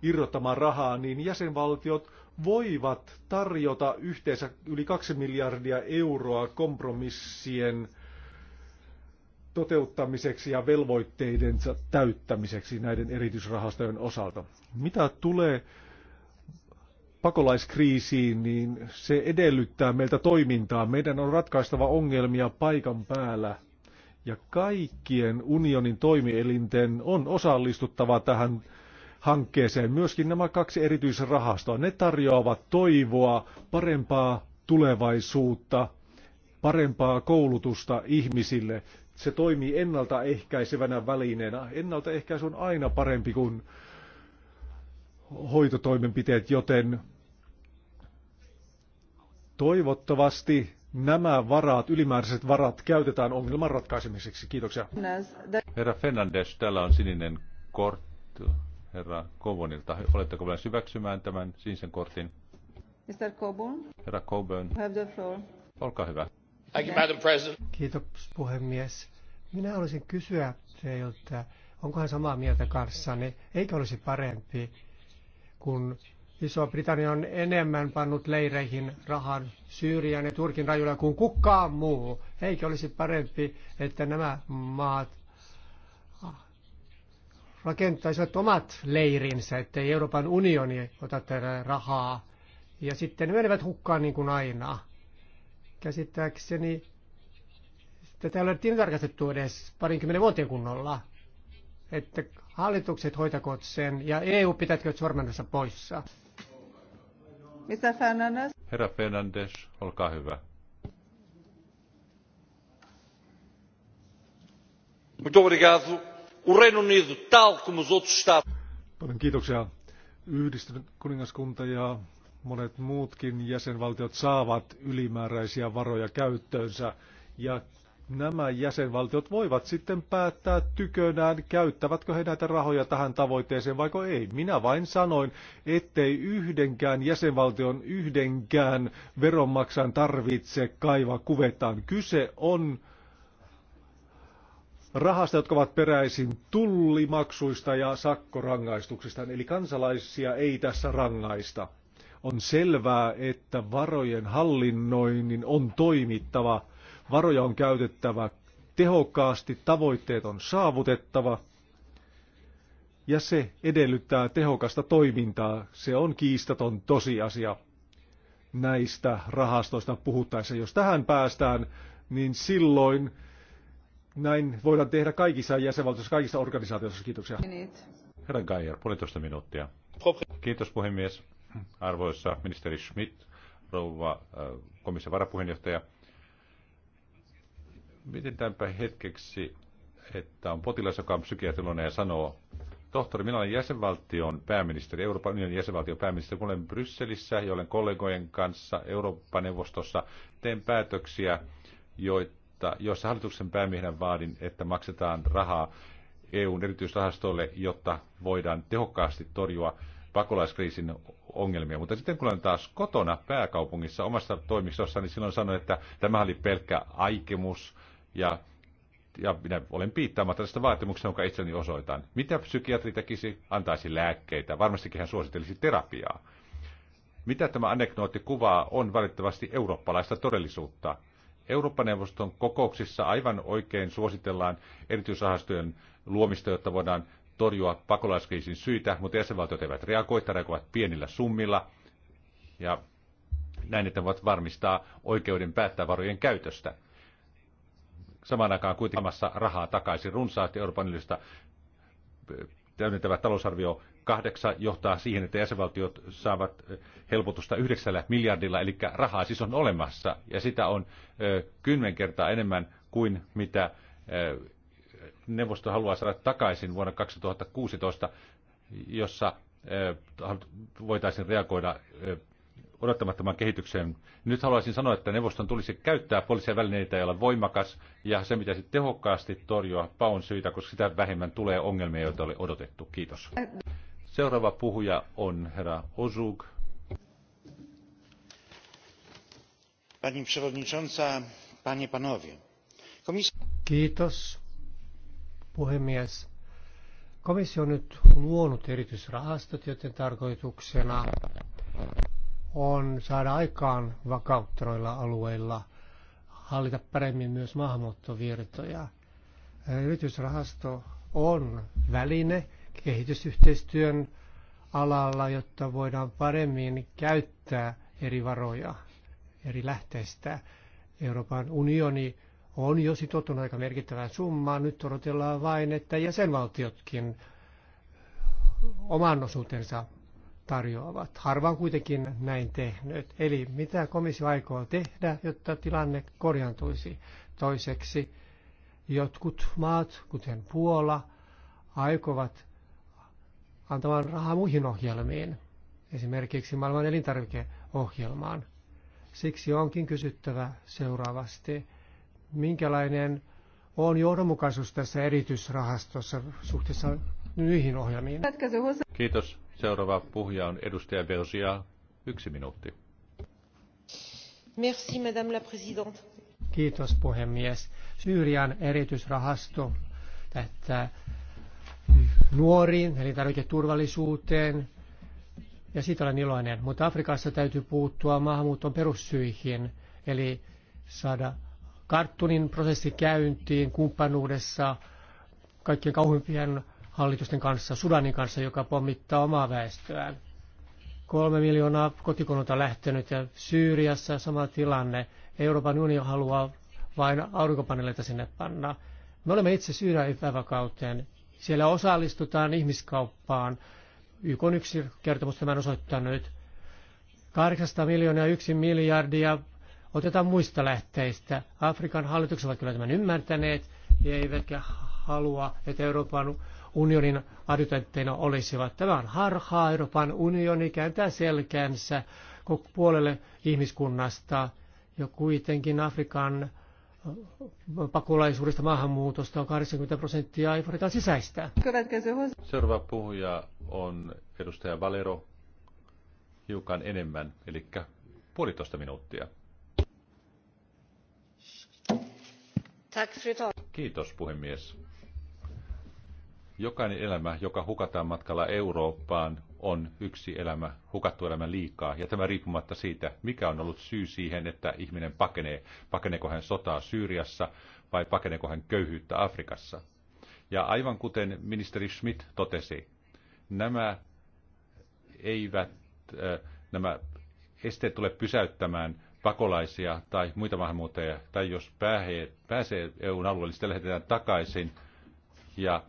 irrottamaan rahaa, niin jäsenvaltiot voivat tarjota yhteensä yli 2 miljardia euroa kompromissien toteuttamiseksi ja velvoitteidensa täyttämiseksi näiden erityisrahastojen osalta. Mitä tulee pakolaiskriisiin, niin se edellyttää meiltä toimintaa. Meidän on ratkaistava ongelmia paikan päällä ja kaikkien unionin toimielinten on osallistuttava tähän hankkeeseen. Myöskin nämä kaksi erityisrahastoa, ne tarjoavat toivoa, parempaa tulevaisuutta, parempaa koulutusta ihmisille. Se toimii ennaltaehkäisevänä välineenä. Ennaltaehkäisy on aina parempi kuin hoitotoimenpiteet, joten toivottavasti nämä varat, ylimääräiset varat, käytetään ongelman ratkaisemiseksi. Kiitoksia. Herra Fernandes, täällä on sininen kortti herra Kovonilta, Oletteko vielä syväksymään tämän sinisen kortin? Mr. Coburn. Herra Coburn. Have the floor. Olkaa hyvä. Thank you, Madam President. Kiitos puhemies. Minä haluaisin kysyä teiltä, onkohan samaa mieltä kanssani? eikä olisi parempi, kun Iso-Britannia on enemmän pannut leireihin rahan Syyrian ja Turkin rajoilla kuin kukaan muu. Eikö olisi parempi, että nämä maat rakentaisivat omat leirinsä, ettei Euroopan unioni ota tätä rahaa. Ja sitten ne menevät hukkaan niin kuin aina. Käsittääkseni tätä ei ole tarkastettu edes parinkymmenen vuoteen kunnolla. Että hallitukset hoitakoot sen ja EU pitätkö sormensa poissa. Mr. Fernandes? Herra Fernandes, olkaa hyvä. Muito obrigado. O Reino Unido, tal como os outros estados. Paljon kiitoksia. Yhdistynyt kuningaskunta ja monet muutkin jäsenvaltiot saavat ylimääräisiä varoja käyttöönsä ja nämä jäsenvaltiot voivat sitten päättää tykönään, käyttävätkö he näitä rahoja tähän tavoitteeseen vaiko ei. Minä vain sanoin, ettei yhdenkään jäsenvaltion yhdenkään veronmaksajan tarvitse kaivaa kuvetaan. Kyse on rahasta, jotka ovat peräisin tullimaksuista ja sakkorangaistuksista, eli kansalaisia ei tässä rangaista. On selvää, että varojen hallinnoinnin on toimittava – Varoja on käytettävä tehokkaasti, tavoitteet on saavutettava ja se edellyttää tehokasta toimintaa. Se on kiistaton tosiasia näistä rahastoista puhuttaessa. Jos tähän päästään, niin silloin näin voidaan tehdä kaikissa jäsenvaltioissa, kaikissa organisaatioissa. Kiitoksia. Herra Geier, puolitoista minuuttia. Kiitos puhemies. Arvoisa ministeri Schmidt, rouva äh, komission varapuheenjohtaja. Mietitäänpä hetkeksi, että on potilas, joka on psykiatrilainen ja sanoo, tohtori, minä olen jäsenvaltion pääministeri, Euroopan unionin jäsenvaltion pääministeri, kun olen Brysselissä ja olen kollegojen kanssa Euroopan neuvostossa teen päätöksiä, joita, joissa hallituksen päämiehenä vaadin, että maksetaan rahaa EUn erityisrahastoille, jotta voidaan tehokkaasti torjua pakolaiskriisin ongelmia. Mutta sitten kun olen taas kotona pääkaupungissa omassa toimistossa, niin silloin sanoin, että tämä oli pelkkä aikemus, ja, ja minä olen piittaamatta tästä vaatimuksesta, jonka itseni osoitan. Mitä psykiatri tekisi? Antaisi lääkkeitä. Varmastikin hän suosittelisi terapiaa. Mitä tämä anekdootti kuvaa, on valitettavasti eurooppalaista todellisuutta. Eurooppa-neuvoston kokouksissa aivan oikein suositellaan erityisrahastojen luomista, jotta voidaan torjua pakolaiskriisin syitä, mutta jäsenvaltiot eivät reagoi tai reagoivat pienillä summilla. Ja näin, että voivat varmistaa oikeuden päättää varojen käytöstä samaan aikaan kuitenkin saamassa rahaa takaisin runsaasti Euroopan yhdistä eh, täydentävä talousarvio kahdeksa johtaa siihen, että jäsenvaltiot saavat eh, helpotusta yhdeksällä miljardilla, eli rahaa siis on olemassa, ja sitä on eh, kymmen kertaa enemmän kuin mitä neuvosto haluaa saada takaisin vuonna 2016, jossa voitaisiin reagoida odottamattoman kehityksen. Nyt haluaisin sanoa, että neuvoston tulisi käyttää poliisia välineitä ja olla voimakas, ja se pitäisi tehokkaasti torjua paun syitä, koska sitä vähemmän tulee ongelmia, joita oli odotettu. Kiitos. Seuraava puhuja on herra Ozug. Pani przewodnicząca, panie panowie. Komis- Kiitos, puhemies. Komissio on nyt luonut erityisrahastot, joten tarkoituksena on saada aikaan vakautta noilla alueilla, hallita paremmin myös maahanmuuttovirtoja. Yritysrahasto on väline kehitysyhteistyön alalla, jotta voidaan paremmin käyttää eri varoja eri lähteistä. Euroopan unioni on jo sitoutunut aika merkittävään summaan. Nyt odotellaan vain, että jäsenvaltiotkin oman osuutensa tarjoavat. Harva on kuitenkin näin tehnyt. Eli mitä komissio aikoo tehdä, jotta tilanne korjantuisi? Toiseksi, jotkut maat, kuten Puola, aikovat antamaan rahaa muihin ohjelmiin, esimerkiksi maailman elintarvikeohjelmaan. Siksi onkin kysyttävä seuraavasti, minkälainen on johdonmukaisuus tässä erityisrahastossa suhteessa nyihin ohjelmiin. Kiitos. Seuraava puhuja on edustaja Versia. Yksi minuutti. Merci, madame la présidente. Kiitos puhemies. Syyrian erityisrahasto tähtää nuoriin, eli turvallisuuteen ja siitä olen iloinen. Mutta Afrikassa täytyy puuttua maahanmuuton perussyihin, eli saada kartunin prosessi käyntiin kumppanuudessa kaikkien kauhimpien hallitusten kanssa, Sudanin kanssa, joka pommittaa omaa väestöään. Kolme miljoonaa kotikonulta lähtenyt ja Syyriassa sama tilanne. Euroopan unioni haluaa vain aurinkopaneeleita sinne panna. Me olemme itse Syyrian epävakauteen. Siellä osallistutaan ihmiskauppaan. YK on yksi kertomus tämän osoittanut. 800 miljoonaa, yksi miljardia otetaan muista lähteistä. Afrikan hallitukset ovat kyllä tämän ymmärtäneet ja eivätkä halua, että Euroopan unionin adjutantteina olisivat. Tämä on harhaa. Euroopan unioni kääntää selkänsä koko puolelle ihmiskunnasta ja kuitenkin Afrikan äh, pakolaisuudesta maahanmuutosta on 80 prosenttia Afrikan sisäistä. Seuraava puhuja on edustaja Valero hiukan enemmän, eli puolitoista minuuttia. Kiitos puhemies. Jokainen elämä, joka hukataan matkalla Eurooppaan, on yksi elämä, hukattu elämä liikaa. Ja tämä riippumatta siitä, mikä on ollut syy siihen, että ihminen pakenee. Pakeneeko hän sotaa Syyriassa vai pakeneeko hän köyhyyttä Afrikassa. Ja aivan kuten ministeri Schmidt totesi, nämä eivät, äh, nämä esteet tule pysäyttämään pakolaisia tai muita maahanmuuttajia, tai jos pääsee EUn alueelle, sitä lähetetään takaisin, ja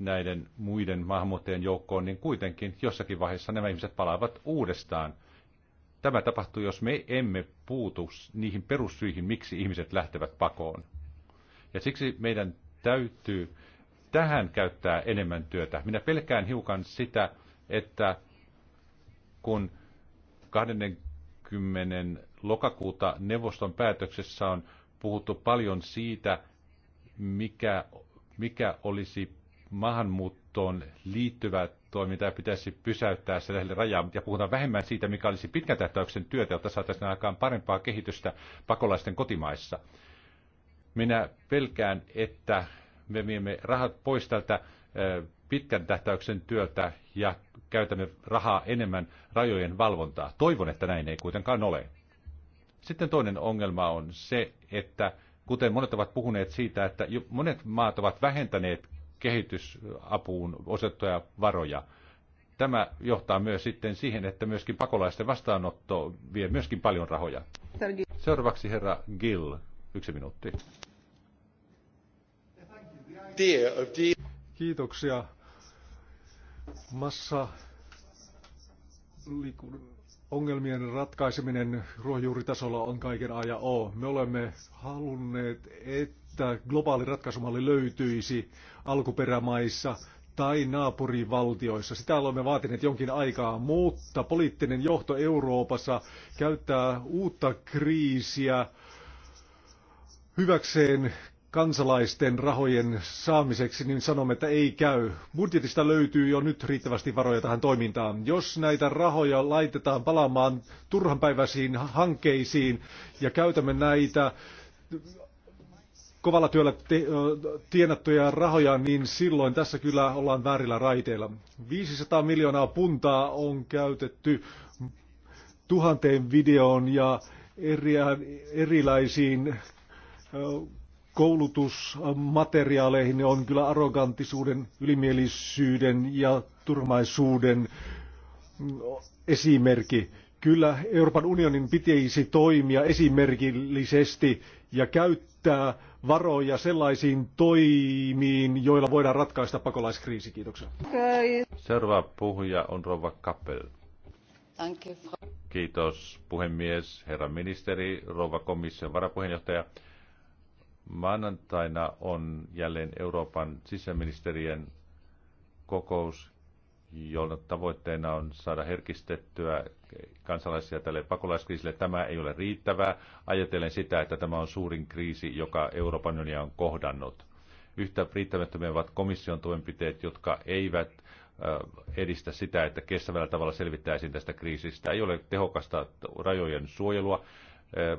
näiden muiden maahanmuuttajien joukkoon, niin kuitenkin jossakin vaiheessa nämä ihmiset palaavat uudestaan. Tämä tapahtuu, jos me emme puutu niihin perussyihin, miksi ihmiset lähtevät pakoon. Ja siksi meidän täytyy tähän käyttää enemmän työtä. Minä pelkään hiukan sitä, että kun 20. lokakuuta neuvoston päätöksessä on puhuttu paljon siitä, mikä, mikä olisi maahanmuuttoon toiminta ja pitäisi pysäyttää se lähelle rajaa. Ja puhutaan vähemmän siitä, mikä olisi pitkän tähtäyksen työtä, jotta saataisiin aikaan parempaa kehitystä pakolaisten kotimaissa. Minä pelkään, että me viemme rahat pois tältä pitkän tähtäyksen työltä ja käytämme rahaa enemmän rajojen valvontaa. Toivon, että näin ei kuitenkaan ole. Sitten toinen ongelma on se, että kuten monet ovat puhuneet siitä, että monet maat ovat vähentäneet kehitysapuun osettuja varoja. Tämä johtaa myös sitten siihen, että myöskin pakolaisten vastaanotto vie myöskin paljon rahoja. Seuraavaksi herra Gill, yksi minuutti. Kiitoksia. Massa ongelmien ratkaiseminen ruohonjuuritasolla on kaiken A ja O. Me olemme halunneet, että tämä globaali ratkaisumalli löytyisi alkuperämaissa tai naapurivaltioissa. Sitä olemme vaatineet jonkin aikaa, mutta poliittinen johto Euroopassa käyttää uutta kriisiä hyväkseen kansalaisten rahojen saamiseksi, niin sanomme, että ei käy. Budjetista löytyy jo nyt riittävästi varoja tähän toimintaan. Jos näitä rahoja laitetaan palaamaan turhanpäiväisiin hankkeisiin ja käytämme näitä kovalla työllä tienattuja rahoja, niin silloin tässä kyllä ollaan väärillä raiteilla. 500 miljoonaa puntaa on käytetty tuhanteen videoon ja eri, erilaisiin koulutusmateriaaleihin ne on kyllä arrogantisuuden, ylimielisyyden ja turmaisuuden mm, esimerkki. Kyllä Euroopan unionin pitäisi toimia esimerkillisesti ja käyttää varoja sellaisiin toimiin, joilla voidaan ratkaista pakolaiskriisi. Kiitoksia. Seuraava puhuja on Rova Kappel. Kiitos puhemies, herra ministeri, rouva komission varapuheenjohtaja. Maanantaina on jälleen Euroopan sisäministerien kokous jolla tavoitteena on saada herkistettyä kansalaisia tälle pakolaiskriisille. Tämä ei ole riittävää, ajatellen sitä, että tämä on suurin kriisi, joka Euroopan unionia on kohdannut. Yhtä riittämättömiä ovat komission toimenpiteet, jotka eivät edistä sitä, että kestävällä tavalla selvittäisiin tästä kriisistä. Ei ole tehokasta rajojen suojelua.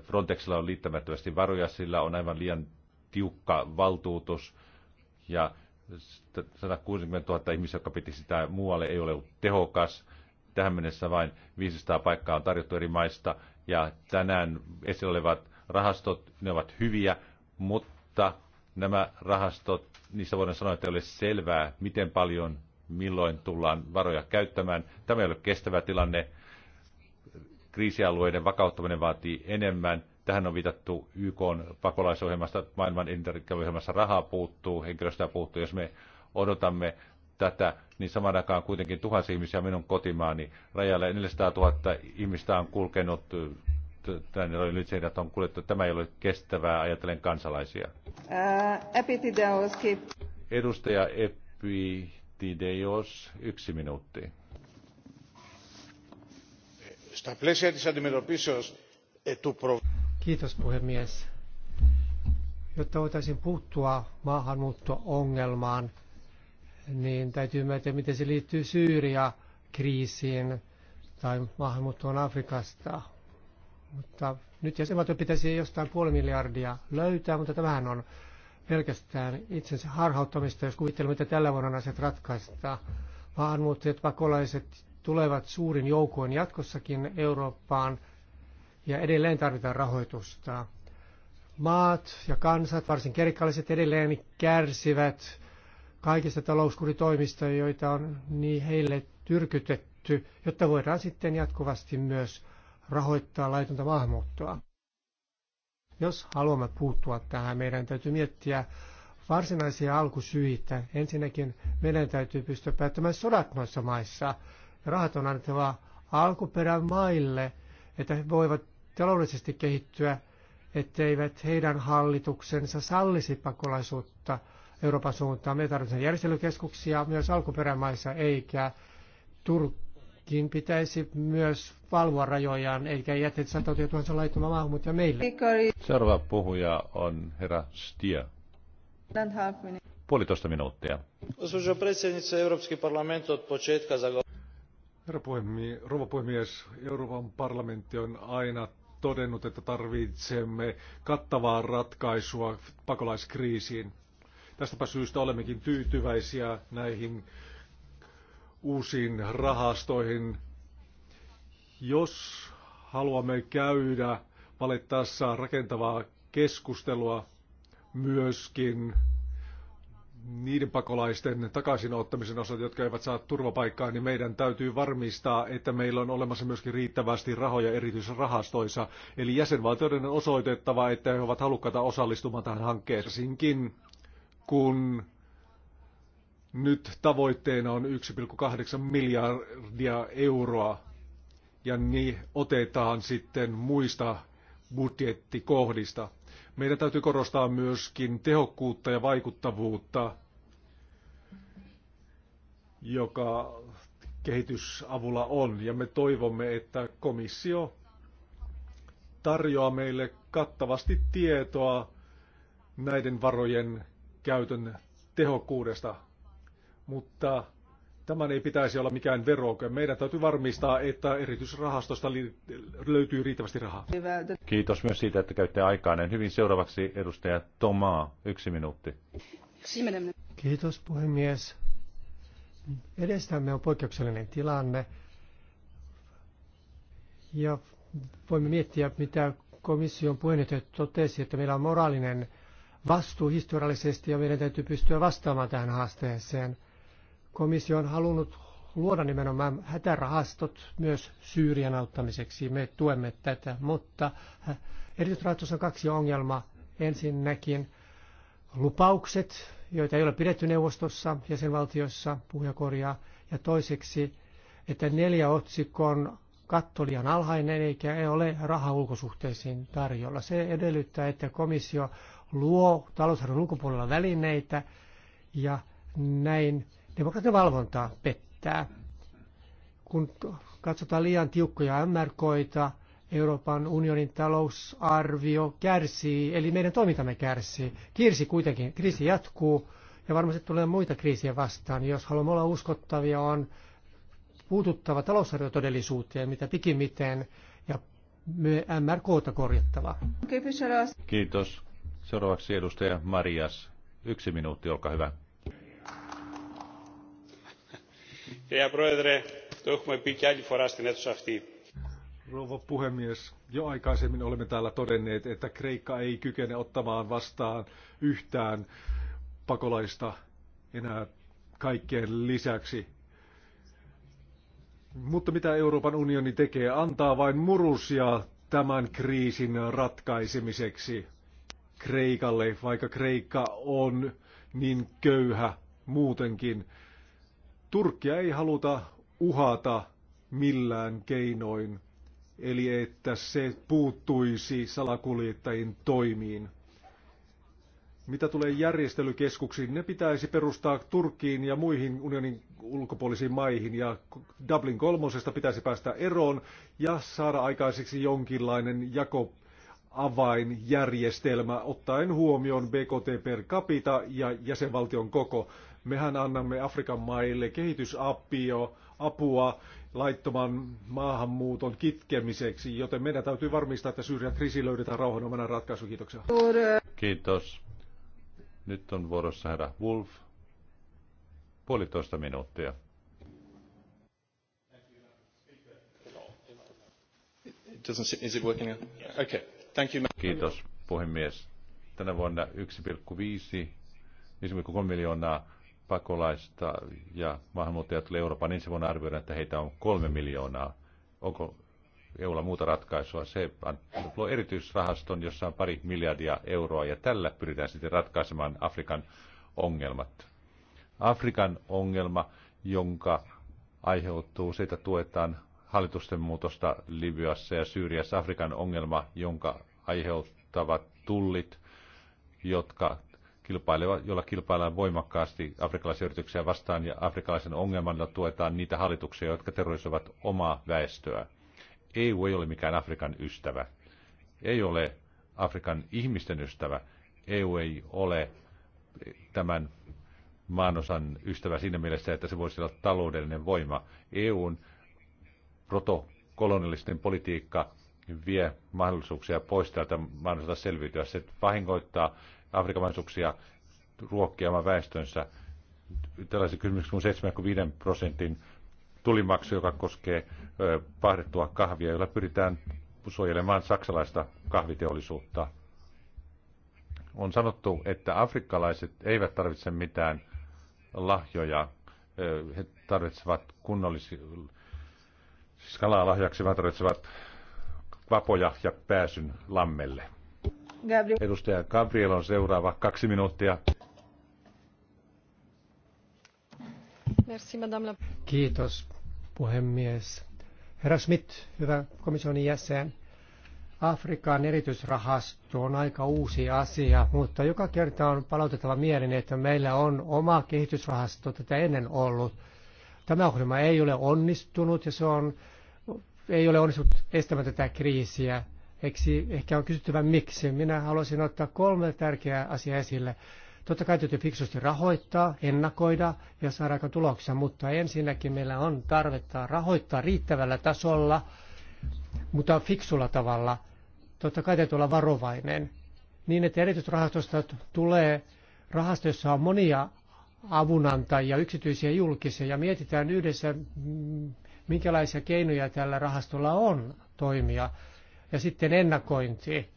Frontexilla on liittämättömästi varoja, sillä on aivan liian tiukka valtuutus ja 160 000 ihmistä, jotka piti sitä muualle, ei ole ollut tehokas. Tähän mennessä vain 500 paikkaa on tarjottu eri maista ja tänään esillä olevat rahastot, ne ovat hyviä, mutta nämä rahastot, niissä voidaan sanoa, että ei ole selvää, miten paljon, milloin tullaan varoja käyttämään. Tämä ei ole kestävä tilanne. Kriisialueiden vakauttaminen vaatii enemmän Tähän on viitattu YK pakolaisohjelmasta, maailman elintarvikeohjelmassa rahaa puuttuu, henkilöstöä puuttuu. Jos me odotamme tätä, niin samaan aikaan kuitenkin tuhansia ihmisiä minun kotimaani rajalle. 400 000 ihmistä on kulkenut tänne oli nyt on kuljettu. Tämä ei ole kestävää, ajatellen kansalaisia. Äh, Edustaja Epitideos, yksi minuutti. Στα πλαίσια της αντιμετωπίσεως του προβλήματος Kiitos puhemies. Jotta voitaisiin puuttua maahanmuutto-ongelmaan, niin täytyy ymmärtää, miten se liittyy Syyria-kriisiin tai maahanmuuttoon Afrikasta. Mutta nyt jäsenvaltio pitäisi jostain puoli miljardia löytää, mutta tämähän on pelkästään itsensä harhauttamista, jos kuvittelemme, että tällä vuonna asiat ratkaistaan. Maahanmuuttajat, pakolaiset tulevat suurin joukoin jatkossakin Eurooppaan – ja edelleen tarvitaan rahoitusta. Maat ja kansat, varsin kerikkalaiset, edelleen kärsivät kaikista talouskuritoimista, joita on niin heille tyrkytetty, jotta voidaan sitten jatkuvasti myös rahoittaa laitonta maahanmuuttoa. Jos haluamme puuttua tähän, meidän täytyy miettiä varsinaisia alkusyitä. Ensinnäkin meidän täytyy pystyä päättämään sodat noissa maissa. Rahat on annettava alkuperän maille, että he voivat taloudellisesti kehittyä, etteivät heidän hallituksensa sallisi pakolaisuutta Euroopan suuntaan. Me tarvitsemme järjestelykeskuksia myös alkuperämaissa, eikä Turkin pitäisi myös valvoa rajojaan, eikä jätetä satoja tuhansia laittoman maahanmuuttajia meille. Seuraava puhuja on herra Stia. Puolitoista minuuttia. Herra puhemies, Euroopan parlamentti on aina todennut, että tarvitsemme kattavaa ratkaisua pakolaiskriisiin. Tästäpä syystä olemmekin tyytyväisiä näihin uusiin rahastoihin. Jos haluamme käydä valittaessa rakentavaa keskustelua myöskin niiden pakolaisten takaisinottamisen osalta, jotka eivät saa turvapaikkaa, niin meidän täytyy varmistaa, että meillä on olemassa myöskin riittävästi rahoja erityisrahastoissa. Eli jäsenvaltioiden on osoitettava, että he ovat halukkaita osallistumaan tähän hankkeeseen, sinkin kun nyt tavoitteena on 1,8 miljardia euroa ja niin otetaan sitten muista budjettikohdista. Meidän täytyy korostaa myöskin tehokkuutta ja vaikuttavuutta, joka kehitysavulla on. Ja me toivomme, että komissio tarjoaa meille kattavasti tietoa näiden varojen käytön tehokkuudesta. Mutta Tämän ei pitäisi olla mikään vero. Meidän täytyy varmistaa, että erityisrahastosta löytyy riittävästi rahaa. Kiitos myös siitä, että käytte aikainen. Hyvin seuraavaksi edustaja Tomaa. Yksi minuutti. Kiitos puhemies. Edestämme on poikkeuksellinen tilanne. Ja voimme miettiä, mitä komission puheenjohtaja totesi, että meillä on moraalinen vastuu historiallisesti ja meidän täytyy pystyä vastaamaan tähän haasteeseen. Komissio on halunnut luoda nimenomaan hätärahastot myös Syyrian auttamiseksi. Me tuemme tätä, mutta äh, erityisrahoituksessa on kaksi ongelmaa. Ensinnäkin lupaukset, joita ei ole pidetty neuvostossa ja sen valtioissa, puhujakorjaa, ja toiseksi, että neljä otsikon katto liian alhainen eikä ole raha ulkosuhteisiin tarjolla. Se edellyttää, että komissio luo talousarvon ulkopuolella välineitä ja näin demokratian valvonta pettää. Kun katsotaan liian tiukkoja MRKita, Euroopan unionin talousarvio kärsii, eli meidän toimintamme kärsii. Kirsi kuitenkin, kriisi jatkuu ja varmasti tulee muita kriisiä vastaan. Jos haluamme olla uskottavia, on puututtava talousarviotodellisuuteen, mitä pikimiten, ja MRKta korjattava. Kiitos. Seuraavaksi edustaja Marias. Yksi minuutti, olkaa hyvä. Κυρία Πρόεδρε, το έχουμε πει και Rouva puhemies, jo aikaisemmin olemme täällä todenneet, että Kreikka ei kykene ottamaan vastaan yhtään pakolaista enää kaikkien lisäksi. Mutta mitä Euroopan unioni tekee? Antaa vain murusia tämän kriisin ratkaisemiseksi Kreikalle, vaikka Kreikka on niin köyhä muutenkin. Turkkia ei haluta uhata millään keinoin, eli että se puuttuisi salakuljettajien toimiin. Mitä tulee järjestelykeskuksiin, ne pitäisi perustaa Turkkiin ja muihin unionin ulkopuolisiin maihin ja Dublin kolmosesta pitäisi päästä eroon ja saada aikaiseksi jonkinlainen jako avainjärjestelmä ottaen huomioon BKT per capita ja jäsenvaltion koko. Mehän annamme Afrikan maille kehitysapio, apua laittoman maahanmuuton kitkemiseksi, joten meidän täytyy varmistaa, että Syyrian kriisi löydetään rauhanomainen ratkaisu. Kiitoksia. Kiitos. Nyt on vuorossa herra Wolf. Puolitoista minuuttia. it working? Okay. Thank you. Kiitos puhemies. Tänä vuonna 1,5 1,3 miljoonaa pakolaista ja maahanmuuttajia tulee Euroopan, se voi arvioida, että heitä on kolme miljoonaa. Onko EUlla muuta ratkaisua? Se on erityisrahaston, jossa on pari miljardia euroa, ja tällä pyritään sitten ratkaisemaan Afrikan ongelmat. Afrikan ongelma, jonka aiheutuu siitä tuetaan hallitusten muutosta Libyassa ja Syyriassa. Afrikan ongelma, jonka aiheuttavat tullit, jotka kilpaileva, jolla kilpaillaan voimakkaasti afrikkalaisia yrityksiä vastaan ja afrikkalaisen ongelman tuetaan niitä hallituksia, jotka terrorisoivat omaa väestöä. EU ei ole mikään Afrikan ystävä. Ei ole Afrikan ihmisten ystävä. EU ei ole tämän maanosan ystävä siinä mielessä, että se voisi olla taloudellinen voima. EUn protokolonialistinen politiikka vie mahdollisuuksia pois tältä maanosalta selviytyä. Se vahingoittaa Afrikan mahdollisuuksia ruokkia oman väestönsä. Tällaisen kysymyksen kuin 75 prosentin tulimaksu, joka koskee pahdettua kahvia, jolla pyritään suojelemaan saksalaista kahviteollisuutta. On sanottu, että afrikkalaiset eivät tarvitse mitään lahjoja. He tarvitsevat kunnollisia, siis kalaa lahjaksi, vaan tarvitsevat vapoja ja pääsyn lammelle. Gabriel. Edustaja Gabriel on seuraava. Kaksi minuuttia. Merci, madame. Kiitos, puhemies. Herra Schmidt, hyvä komission jäsen. Afrikan erityisrahasto on aika uusi asia, mutta joka kerta on palautettava mieleen, että meillä on oma kehitysrahasto tätä ennen ollut. Tämä ohjelma ei ole onnistunut ja se on, ei ole onnistunut estämään tätä kriisiä. Eksi, ehkä on kysyttävä miksi. Minä haluaisin ottaa kolme tärkeää asiaa esille. Totta kai täytyy fiksusti rahoittaa, ennakoida ja saada aika tuloksia, mutta ensinnäkin meillä on tarvetta rahoittaa riittävällä tasolla, mutta fiksulla tavalla. Totta kai täytyy olla varovainen, niin että erityisrahastosta tulee rahasto, jossa on monia avunantajia, yksityisiä ja julkisia, ja mietitään yhdessä, minkälaisia keinoja tällä rahastolla on toimia ja sitten ennakointi.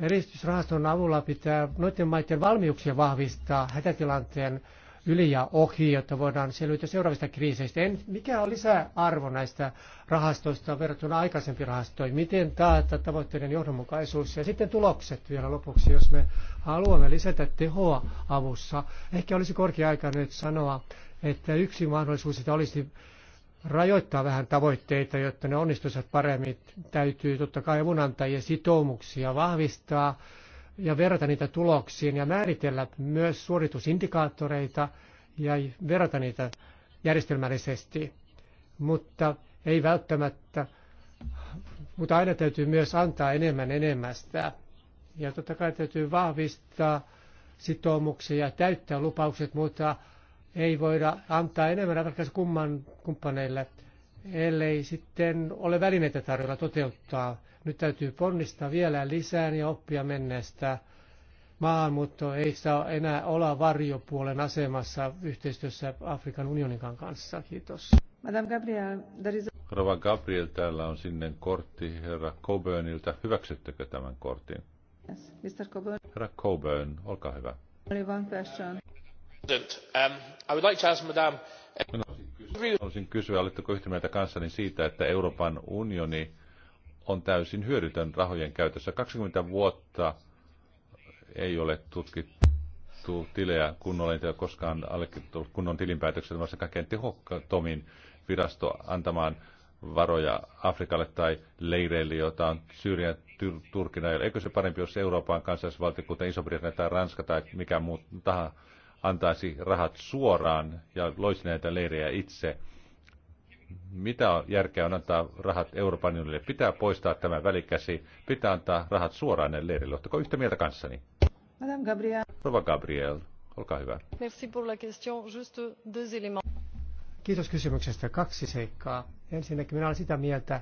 Eristysrahaston avulla pitää noiden maiden valmiuksia vahvistaa hätätilanteen yli ja ohi, jotta voidaan selvitä seuraavista kriiseistä. En, mikä on lisäarvo näistä rahastoista verrattuna aikaisempiin rahastoihin? Miten taata tavoitteiden johdonmukaisuus? Ja sitten tulokset vielä lopuksi, jos me haluamme lisätä tehoa avussa. Ehkä olisi korkea aika nyt sanoa, että yksi mahdollisuus että olisi rajoittaa vähän tavoitteita, jotta ne onnistuisivat paremmin. Täytyy totta kai avunantajien sitoumuksia vahvistaa ja verrata niitä tuloksiin ja määritellä myös suoritusindikaattoreita ja verrata niitä järjestelmällisesti. Mutta ei välttämättä, mutta aina täytyy myös antaa enemmän enemmästä. Ja totta kai täytyy vahvistaa sitoumuksia ja täyttää lupaukset, mutta ei voida antaa enemmän ratkaisua kumman kumppaneille, ellei sitten ole välineitä tarjolla toteuttaa. Nyt täytyy ponnistaa vielä lisää ja oppia menneestä. Maahanmuutto ei saa enää olla varjopuolen asemassa yhteistyössä Afrikan unionin kanssa. Kiitos. Madame Gabriel, there is... Rova Gabriel, täällä on sinne kortti herra Coburnilta. Hyväksyttekö tämän kortin? Yes, Mr. Coburn. Herra Coburn, olkaa hyvä haluaisin um, kysyä, oletteko yhtä mieltä kanssani siitä, että Euroopan unioni on täysin hyödytön rahojen käytössä. kaksikymmentä vuotta ei ole tutkittu tilejä kunnolla, ei koskaan allekirjoitettu kunnon tilinpäätökset, vaan kaikkein tehokkaimmin virasto antamaan varoja Afrikalle tai leireille, joita on Syyrian Tur- Turkin ajalla. Eikö se parempi, jos Euroopan kansallisvaltio, kuten Iso-Britannia tai Ranska tai mikä muu tahansa, antaisi rahat suoraan ja loisi näitä leirejä itse. Mitä on järkeä on antaa rahat Euroopan unionille? Pitää poistaa tämä välikäsi, pitää antaa rahat suoraan näille leirille. Oletteko yhtä mieltä kanssani? Madame Gabriel. Rova Gabriel, olkaa hyvä. Merci pour la question. Juste deux éléments. Kiitos kysymyksestä. Kaksi seikkaa. Ensinnäkin minä olen sitä mieltä,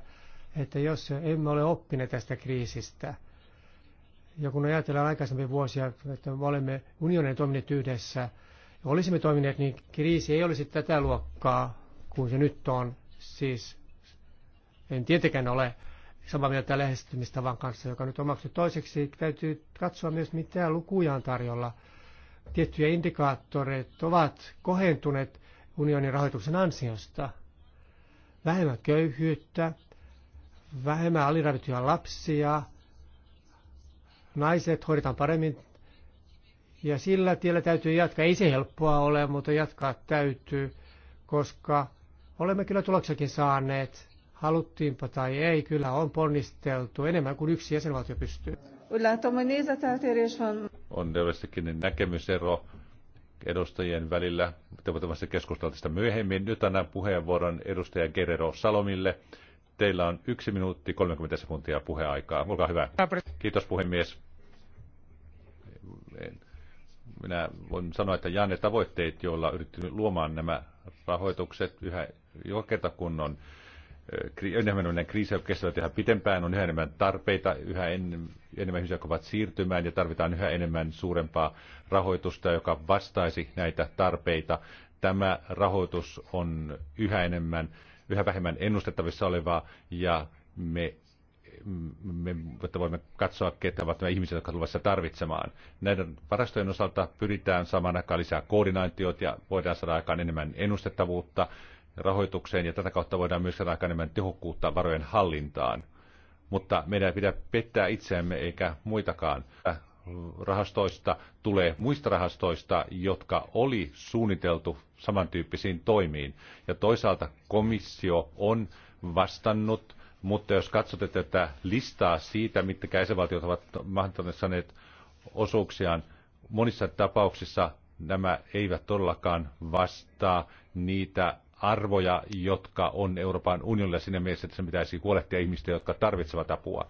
että jos emme ole oppineet tästä kriisistä – ja kun ajatellaan aikaisempia vuosia, että me olemme unionin toimineet yhdessä, ja olisimme toimineet, niin kriisi ei olisi tätä luokkaa kuin se nyt on. Siis en tietenkään ole samaa mieltä lähestymistavan kanssa, joka nyt omaksi Toiseksi täytyy katsoa myös, mitä lukuja on tarjolla. Tiettyjä indikaattoreet ovat kohentuneet unionin rahoituksen ansiosta. Vähemmän köyhyyttä, vähemmän aliravittuja lapsia, naiset hoidetaan paremmin. Ja sillä tiellä täytyy jatkaa. Ei se helppoa ole, mutta jatkaa täytyy, koska olemme kyllä tuloksakin saaneet. Haluttiinpa tai ei, kyllä on ponnisteltu enemmän kuin yksi jäsenvaltio pystyy. On tietystikin näkemysero edustajien välillä. Toivottavasti keskustellaan tästä myöhemmin. Nyt annan puheenvuoron edustaja Gerero Salomille, Teillä on yksi minuutti 30 sekuntia puheaikaa. Olkaa hyvä. Kiitos puhemies. Minä voin sanoa, että Janne tavoitteet, joilla on yrittänyt luomaan nämä rahoitukset yhä joka kerta kun on enemmän kriisejä kestävät yhä pitempään, on yhä enemmän tarpeita, yhä enemmän, enemmän ihmisiä, jotka ovat siirtymään ja tarvitaan yhä enemmän suurempaa rahoitusta, joka vastaisi näitä tarpeita. Tämä rahoitus on yhä enemmän yhä vähemmän ennustettavissa olevaa ja me me, että voimme katsoa, ketä ovat nämä ihmiset, jotka tulevassa tarvitsemaan. Näiden varastojen osalta pyritään saamaan aikaan lisää koordinaatiot ja voidaan saada aikaan enemmän ennustettavuutta rahoitukseen ja tätä kautta voidaan myös saada aikaan enemmän tehokkuutta varojen hallintaan. Mutta meidän ei pidä pettää itseämme eikä muitakaan rahastoista tulee muista rahastoista, jotka oli suunniteltu samantyyppisiin toimiin. Ja toisaalta komissio on vastannut, mutta jos katsotte tätä listaa siitä, mitkä jäsenvaltiot ovat saaneet osuuksiaan, monissa tapauksissa nämä eivät todellakaan vastaa niitä arvoja, jotka on Euroopan unionilla siinä mielessä, että se pitäisi huolehtia ihmistä, jotka tarvitsevat apua.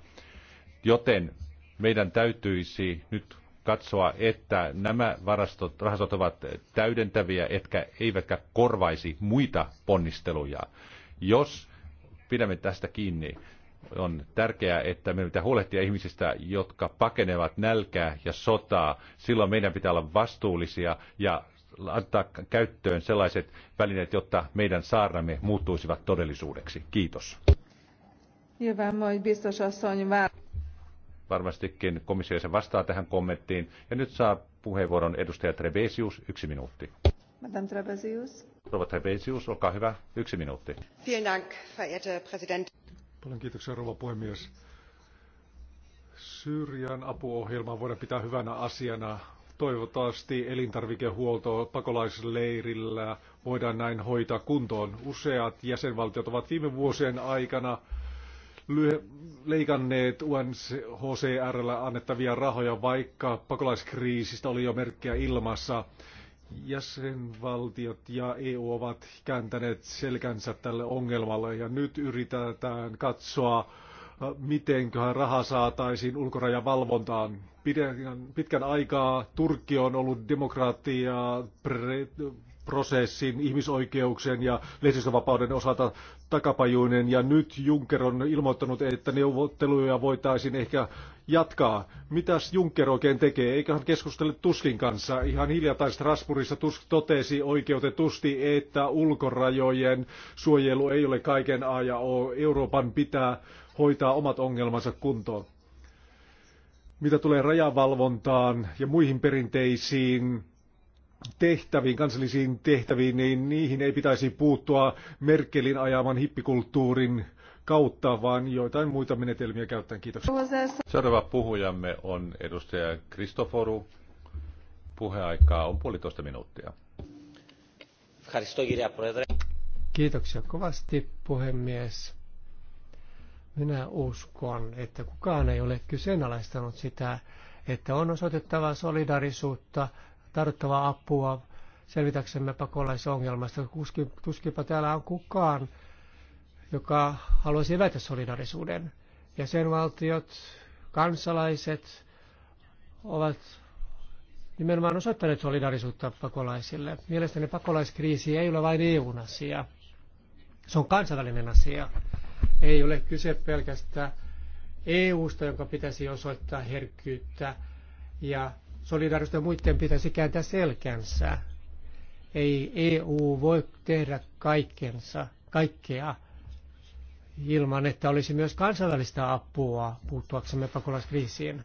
Joten meidän täytyisi nyt katsoa, että nämä varastot, rahastot ovat täydentäviä, etkä, eivätkä korvaisi muita ponnisteluja. Jos pidämme tästä kiinni, on tärkeää, että meidän pitää huolehtia ihmisistä, jotka pakenevat nälkää ja sotaa. Silloin meidän pitää olla vastuullisia ja antaa käyttöön sellaiset välineet, jotta meidän saarnamme muuttuisivat todellisuudeksi. Kiitos. Hyvä, moi, Varmastikin komissio se vastaa tähän kommenttiin. Ja nyt saa puheenvuoron edustaja Trebesius, yksi minuutti. Madame Trebesius. Rouva Trebesius, olkaa hyvä, yksi minuutti. Vielen Dank, verehrte Präsident. Paljon kiitoksia, rouva puhemies. Syyrian apuohjelmaa voidaan pitää hyvänä asiana. Toivottavasti elintarvikehuolto pakolaisleirillä voidaan näin hoitaa kuntoon. Useat jäsenvaltiot ovat viime vuosien aikana leikanneet UNHCRlle annettavia rahoja, vaikka pakolaiskriisistä oli jo merkkejä ilmassa. Jäsenvaltiot ja EU ovat kääntäneet selkänsä tälle ongelmalle ja nyt yritetään katsoa, mitenköhän raha saataisiin ulkorajavalvontaan. Pitkän aikaa Turkki on ollut demokratiaa pre- prosessin, ihmisoikeuksien ja lehdistövapauden osalta takapajuinen. Ja nyt Juncker on ilmoittanut, että neuvotteluja voitaisiin ehkä jatkaa. Mitäs Juncker oikein tekee? Eikä hän keskustele Tuskin kanssa. Ihan hiljattain Strasbourgissa Tusk totesi oikeutetusti, että ulkorajojen suojelu ei ole kaiken A ja O. Euroopan pitää hoitaa omat ongelmansa kuntoon. Mitä tulee rajavalvontaan ja muihin perinteisiin tehtäviin, kansallisiin tehtäviin, niin niihin ei pitäisi puuttua Merkelin ajaman hippikulttuurin kautta, vaan joitain muita menetelmiä käyttäen. Kiitoksia. Seuraava puhujamme on edustaja Kristoforu. Puheaikaa on puolitoista minuuttia. Kiitoksia kovasti, puhemies. Minä uskon, että kukaan ei ole kyseenalaistanut sitä, että on osoitettava solidarisuutta tarvittavaa apua selvitäksemme pakolaisongelmasta. Tuskipa täällä on kukaan, joka haluaisi evätä solidarisuuden. ja sen valtiot kansalaiset ovat nimenomaan osoittaneet solidarisuutta pakolaisille. Mielestäni pakolaiskriisi ei ole vain eu asia. Se on kansainvälinen asia. Ei ole kyse pelkästään EUsta, jonka pitäisi osoittaa herkkyyttä ja solidaaristen muiden pitäisi kääntää selkänsä. Ei EU voi tehdä kaikkensa, kaikkea ilman, että olisi myös kansainvälistä apua puuttuaksemme pakolaiskriisiin.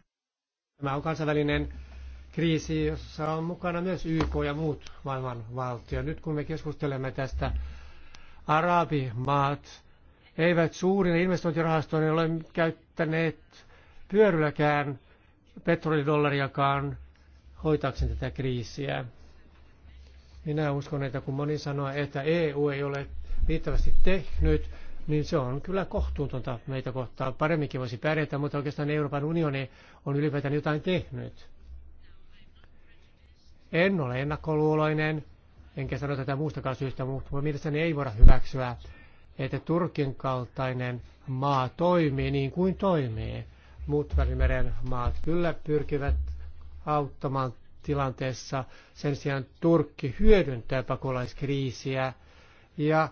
Tämä on kansainvälinen kriisi, jossa on mukana myös YK ja muut maailman valtio. Nyt kun me keskustelemme tästä, arabimaat eivät suurin investointirahastoihin ole käyttäneet pyörylläkään petrolidollariakaan hoitaakseen tätä kriisiä. Minä uskon, että kun moni sanoo, että EU ei ole riittävästi tehnyt, niin se on kyllä kohtuutonta meitä kohtaan. Paremminkin voisi pärjätä, mutta oikeastaan Euroopan unioni on ylipäätään jotain tehnyt. En ole ennakkoluuloinen, enkä sano tätä muustakaan syystä, mutta mielestäni ei voida hyväksyä, että Turkin kaltainen maa toimii niin kuin toimii. Muut Välimeren maat kyllä pyrkivät auttamaan tilanteessa. Sen sijaan Turkki hyödyntää pakolaiskriisiä ja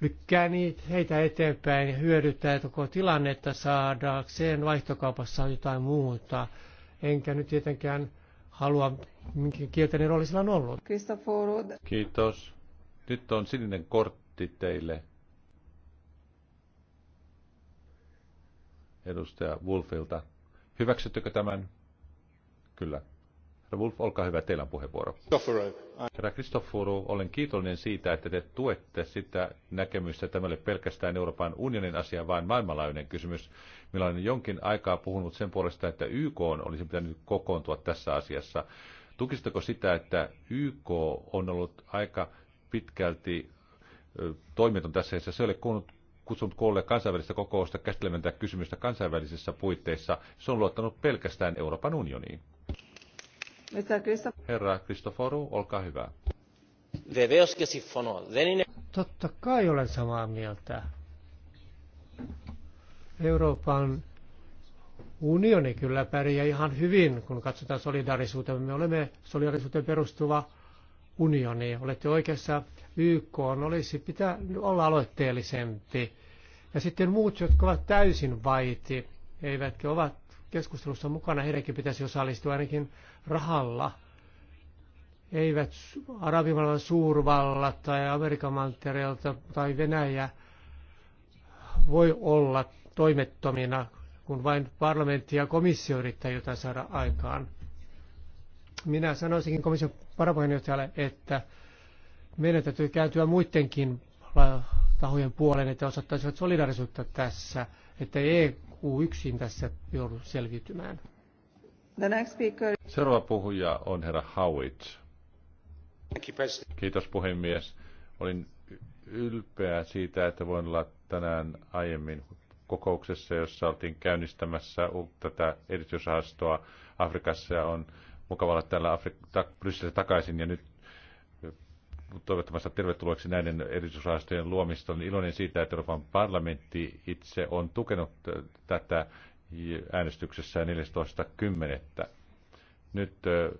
lykkää niitä heitä eteenpäin ja hyödyttää koko tilannetta saadakseen vaihtokaupassa jotain muuta. Enkä nyt tietenkään halua, minkä kielteinen rooli sillä on ollut. Kiitos. Nyt on sininen kortti teille. Edustaja Wolfilta. Hyväksyttekö tämän? Kyllä. Herra Wolf, olkaa hyvä, teillä on puheenvuoro. Herra Kristofforo, olen kiitollinen siitä, että te tuette sitä näkemystä, että tämä ei pelkästään Euroopan unionin asia, vaan maailmanlaajuinen kysymys. Minä olen jonkin aikaa puhunut sen puolesta, että YK on olisi pitänyt kokoontua tässä asiassa. Tukisitko sitä, että YK on ollut aika pitkälti toimiton tässä, ja se oli kuunnut kutsunut koolle kansainvälistä kokousta käsittelemään tätä kysymystä kansainvälisissä puitteissa. Se on luottanut pelkästään Euroopan unioniin. Herra Kristoforu, olkaa hyvä. Totta kai olen samaa mieltä. Euroopan unioni kyllä pärjää ihan hyvin, kun katsotaan solidaarisuutta. Me olemme solidaarisuuteen perustuva unioni. Olette oikeassa, YK on, olisi pitää olla aloitteellisempi. Ja sitten muut, jotka ovat täysin vaiti, eivätkä ovat keskustelussa mukana, heidänkin pitäisi osallistua ainakin rahalla. Eivät arabimaailman suurvallat tai Amerikan mantereelta tai Venäjä voi olla toimettomina, kun vain parlamentti ja komissio yrittää jotain saada aikaan. Minä sanoisinkin komission parapuheenjohtajalle, että meidän täytyy kääntyä muidenkin tahojen puoleen, että osoittaisivat solidarisuutta tässä, että ei Q1 tässä joudu selviytymään. The next speaker. Seuraava puhuja on herra Howitt. Kiitos puhemies. Olin ylpeä siitä, että voin olla tänään aiemmin kokouksessa, jossa oltiin käynnistämässä tätä erityisrahastoa Afrikassa ja on mukava olla täällä Afri- ta- Brysselissä takaisin ja nyt toivottamassa tervetulleeksi näiden erityisrahastojen luomista. Olen iloinen siitä, että Euroopan parlamentti itse on tukenut tätä äänestyksessä 14.10. Nyt eh,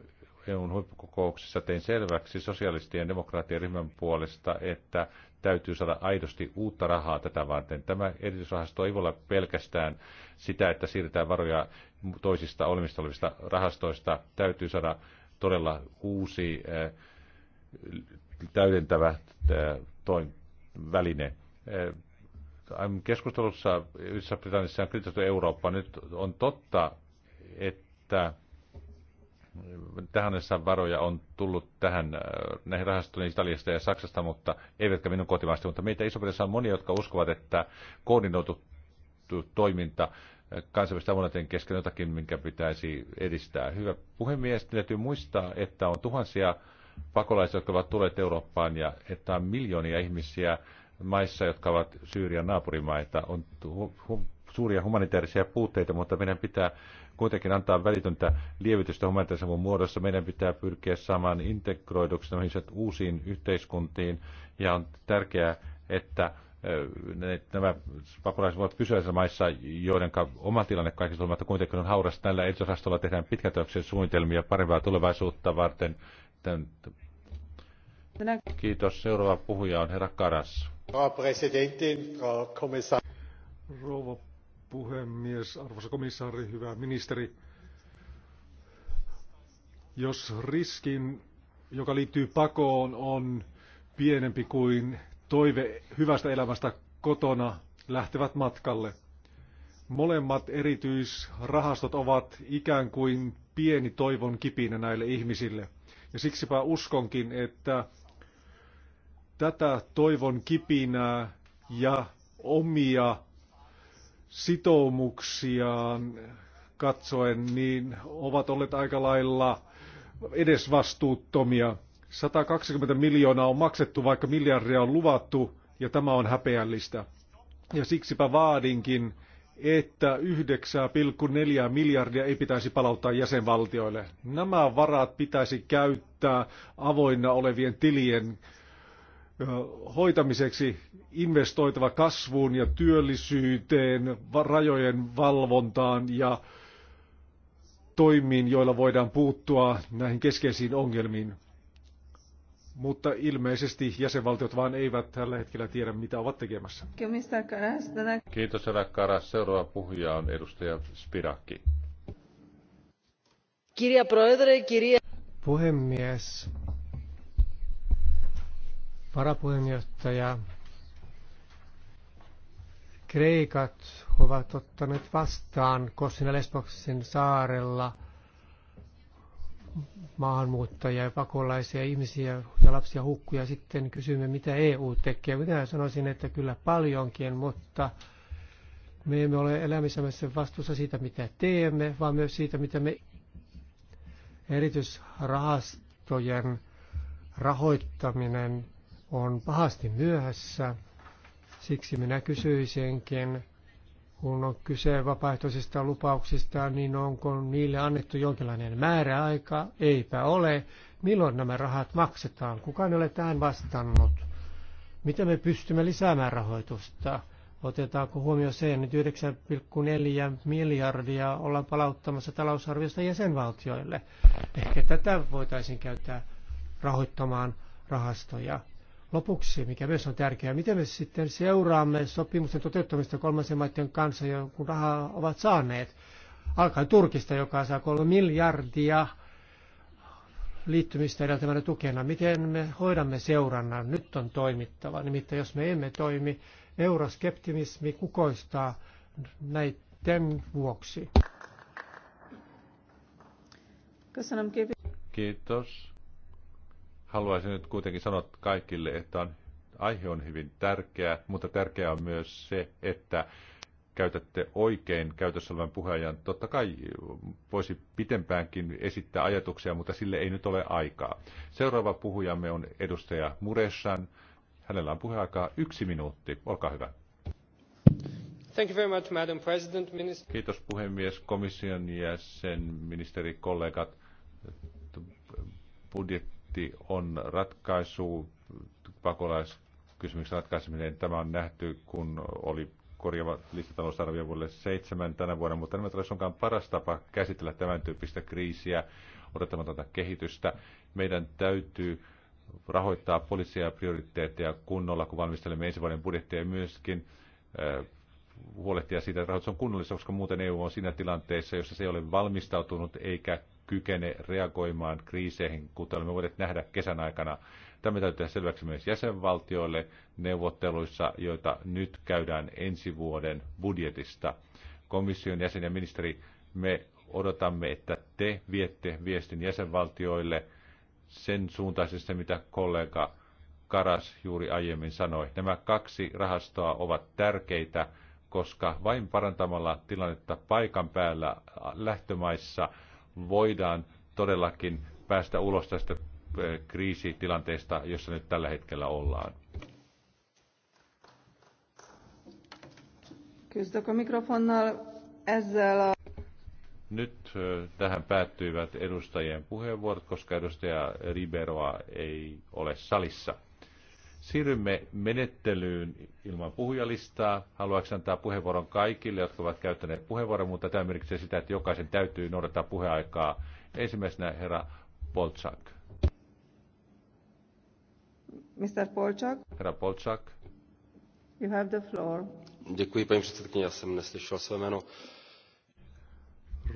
EUn huippukokouksessa tein selväksi sosialistien ja demokraattien ryhmän puolesta, että täytyy saada aidosti uutta rahaa tätä varten. Tämä erityisrahasto ei voi olla pelkästään sitä, että siirretään varoja toisista olemista olevista rahastoista. Täytyy saada todella uusi eh, täydentävä toin väline. Keskustelussa yhdessä Britannissa on kritisoitu Eurooppa. Nyt on totta, että tähän varoja on tullut tähän näihin rahastoihin Italiasta ja Saksasta, mutta eivätkä minun kotimaasta, mutta meitä iso on monia, jotka uskovat, että koordinoitu toiminta kansainvälisten avunantajien kesken jotakin, minkä pitäisi edistää. Hyvä puhemies, täytyy muistaa, että on tuhansia pakolaiset, jotka ovat tulleet Eurooppaan ja että on miljoonia ihmisiä maissa, jotka ovat Syyrian naapurimaita. On suuria humanitaarisia puutteita, mutta meidän pitää kuitenkin antaa välitöntä lievitystä humanitaarisen muodossa. Meidän pitää pyrkiä saamaan integroiduksi uusiin yhteiskuntiin ja on tärkeää, että nämä pakolaiset voivat pysyä maissa, joiden oma tilanne kaikista huolimatta kuitenkin on hauras. Tällä erityisosastolla tehdään pitkätöksen suunnitelmia parempaa tulevaisuutta varten Kiitos. Seuraava puhuja on herra Karas. Rouva puhemies, arvoisa komissaari, hyvä ministeri. Jos riskin, joka liittyy pakoon, on pienempi kuin toive hyvästä elämästä kotona, lähtevät matkalle. Molemmat erityisrahastot ovat ikään kuin pieni toivon kipinä näille ihmisille – ja siksipä uskonkin, että tätä toivon kipinää ja omia sitoumuksiaan katsoen, niin ovat olleet aika lailla edesvastuuttomia. 120 miljoonaa on maksettu, vaikka miljardia on luvattu, ja tämä on häpeällistä. Ja siksipä vaadinkin, että 9,4 miljardia ei pitäisi palauttaa jäsenvaltioille. Nämä varat pitäisi käyttää avoinna olevien tilien hoitamiseksi investoitava kasvuun ja työllisyyteen, rajojen valvontaan ja toimiin, joilla voidaan puuttua näihin keskeisiin ongelmiin mutta ilmeisesti jäsenvaltiot vaan eivät tällä hetkellä tiedä, mitä ovat tekemässä. Kiitos, herra Karas. Seuraava puhuja on edustaja Spirakki. Kirja Proedre, kirja... Puhemies, varapuheenjohtaja, Kreikat ovat ottaneet vastaan Kossin ja Lesboksen saarella – maahanmuuttajia ja pakolaisia ihmisiä ja lapsia hukkuja. Sitten kysymme, mitä EU tekee. Minä sanoisin, että kyllä paljonkin, mutta me emme ole elämisemässä vastuussa siitä, mitä teemme, vaan myös siitä, mitä me erityisrahastojen rahoittaminen on pahasti myöhässä. Siksi minä kysyisinkin, kun on kyse vapaaehtoisista lupauksista, niin onko niille annettu jonkinlainen määräaika? Eipä ole. Milloin nämä rahat maksetaan? Kukaan ei ole tähän vastannut. Miten me pystymme lisäämään rahoitusta? Otetaanko huomioon se, että 9,4 miljardia ollaan palauttamassa talousarviosta jäsenvaltioille? Ehkä tätä voitaisiin käyttää rahoittamaan rahastoja. Lopuksi, mikä myös on tärkeää, miten me sitten seuraamme sopimusten toteuttamista kolmansien maiden kanssa, kun rahaa ovat saaneet. Alkaen Turkista, joka saa kolme miljardia liittymistä edeltävänä tukena. Miten me hoidamme seurannan? Nyt on toimittava. Nimittäin jos me emme toimi, euroskeptimismi kukoistaa näiden vuoksi. Kiitos. Haluaisin nyt kuitenkin sanoa kaikille, että on, aihe on hyvin tärkeä, mutta tärkeää on myös se, että käytätte oikein käytössä olevan puheajan. Totta kai voisi pitempäänkin esittää ajatuksia, mutta sille ei nyt ole aikaa. Seuraava puhujamme on edustaja Mureshan. Hänellä on puheaikaa yksi minuutti. Olkaa hyvä. Thank you very much, Madam President, minister. Kiitos puhemies, komission jäsen, ministerikollegat. Budjetti paketti on ratkaisu pakolaiskysymyksen ratkaiseminen. Tämä on nähty, kun oli korjaava listatalousarvio vuodelle seitsemän tänä vuonna, mutta nämä olisi onkaan paras tapa käsitellä tämän tyyppistä kriisiä, odottamatonta kehitystä. Meidän täytyy rahoittaa poliisia prioriteetteja kunnolla, kun valmistelemme ensi vuoden budjettia ja myöskin eh, huolehtia siitä, että rahoitus on kunnollista, koska muuten EU on siinä tilanteessa, jossa se ei ole valmistautunut eikä kykene reagoimaan kriiseihin, kuten olemme voineet nähdä kesän aikana. Tämä täytyy tehdä selväksi myös jäsenvaltioille neuvotteluissa, joita nyt käydään ensi vuoden budjetista. Komission jäsen ja ministeri, me odotamme, että te viette viestin jäsenvaltioille sen suuntaisesti, mitä kollega Karas juuri aiemmin sanoi. Nämä kaksi rahastoa ovat tärkeitä, koska vain parantamalla tilannetta paikan päällä lähtömaissa – voidaan todellakin päästä ulos tästä eh, kriisitilanteesta, jossa nyt tällä hetkellä ollaan. Kysyttekö mikrofonnal ezzel Nyt eh, tähän päättyivät edustajien puheenvuorot, koska edustaja Riberoa ei ole salissa. Siirrymme menettelyyn ilman puhujalistaa. Haluaisin antaa puheenvuoron kaikille, jotka ovat käyttäneet puheenvuoron, mutta tämä merkitsee sitä, että jokaisen täytyy noudattaa puheaikaa. Ensimmäisenä herra Polchak. Mr. Polchak. Herra Polchak. You have the floor. Děkuji, paní předsedkyně, já jsem neslyšel své jméno.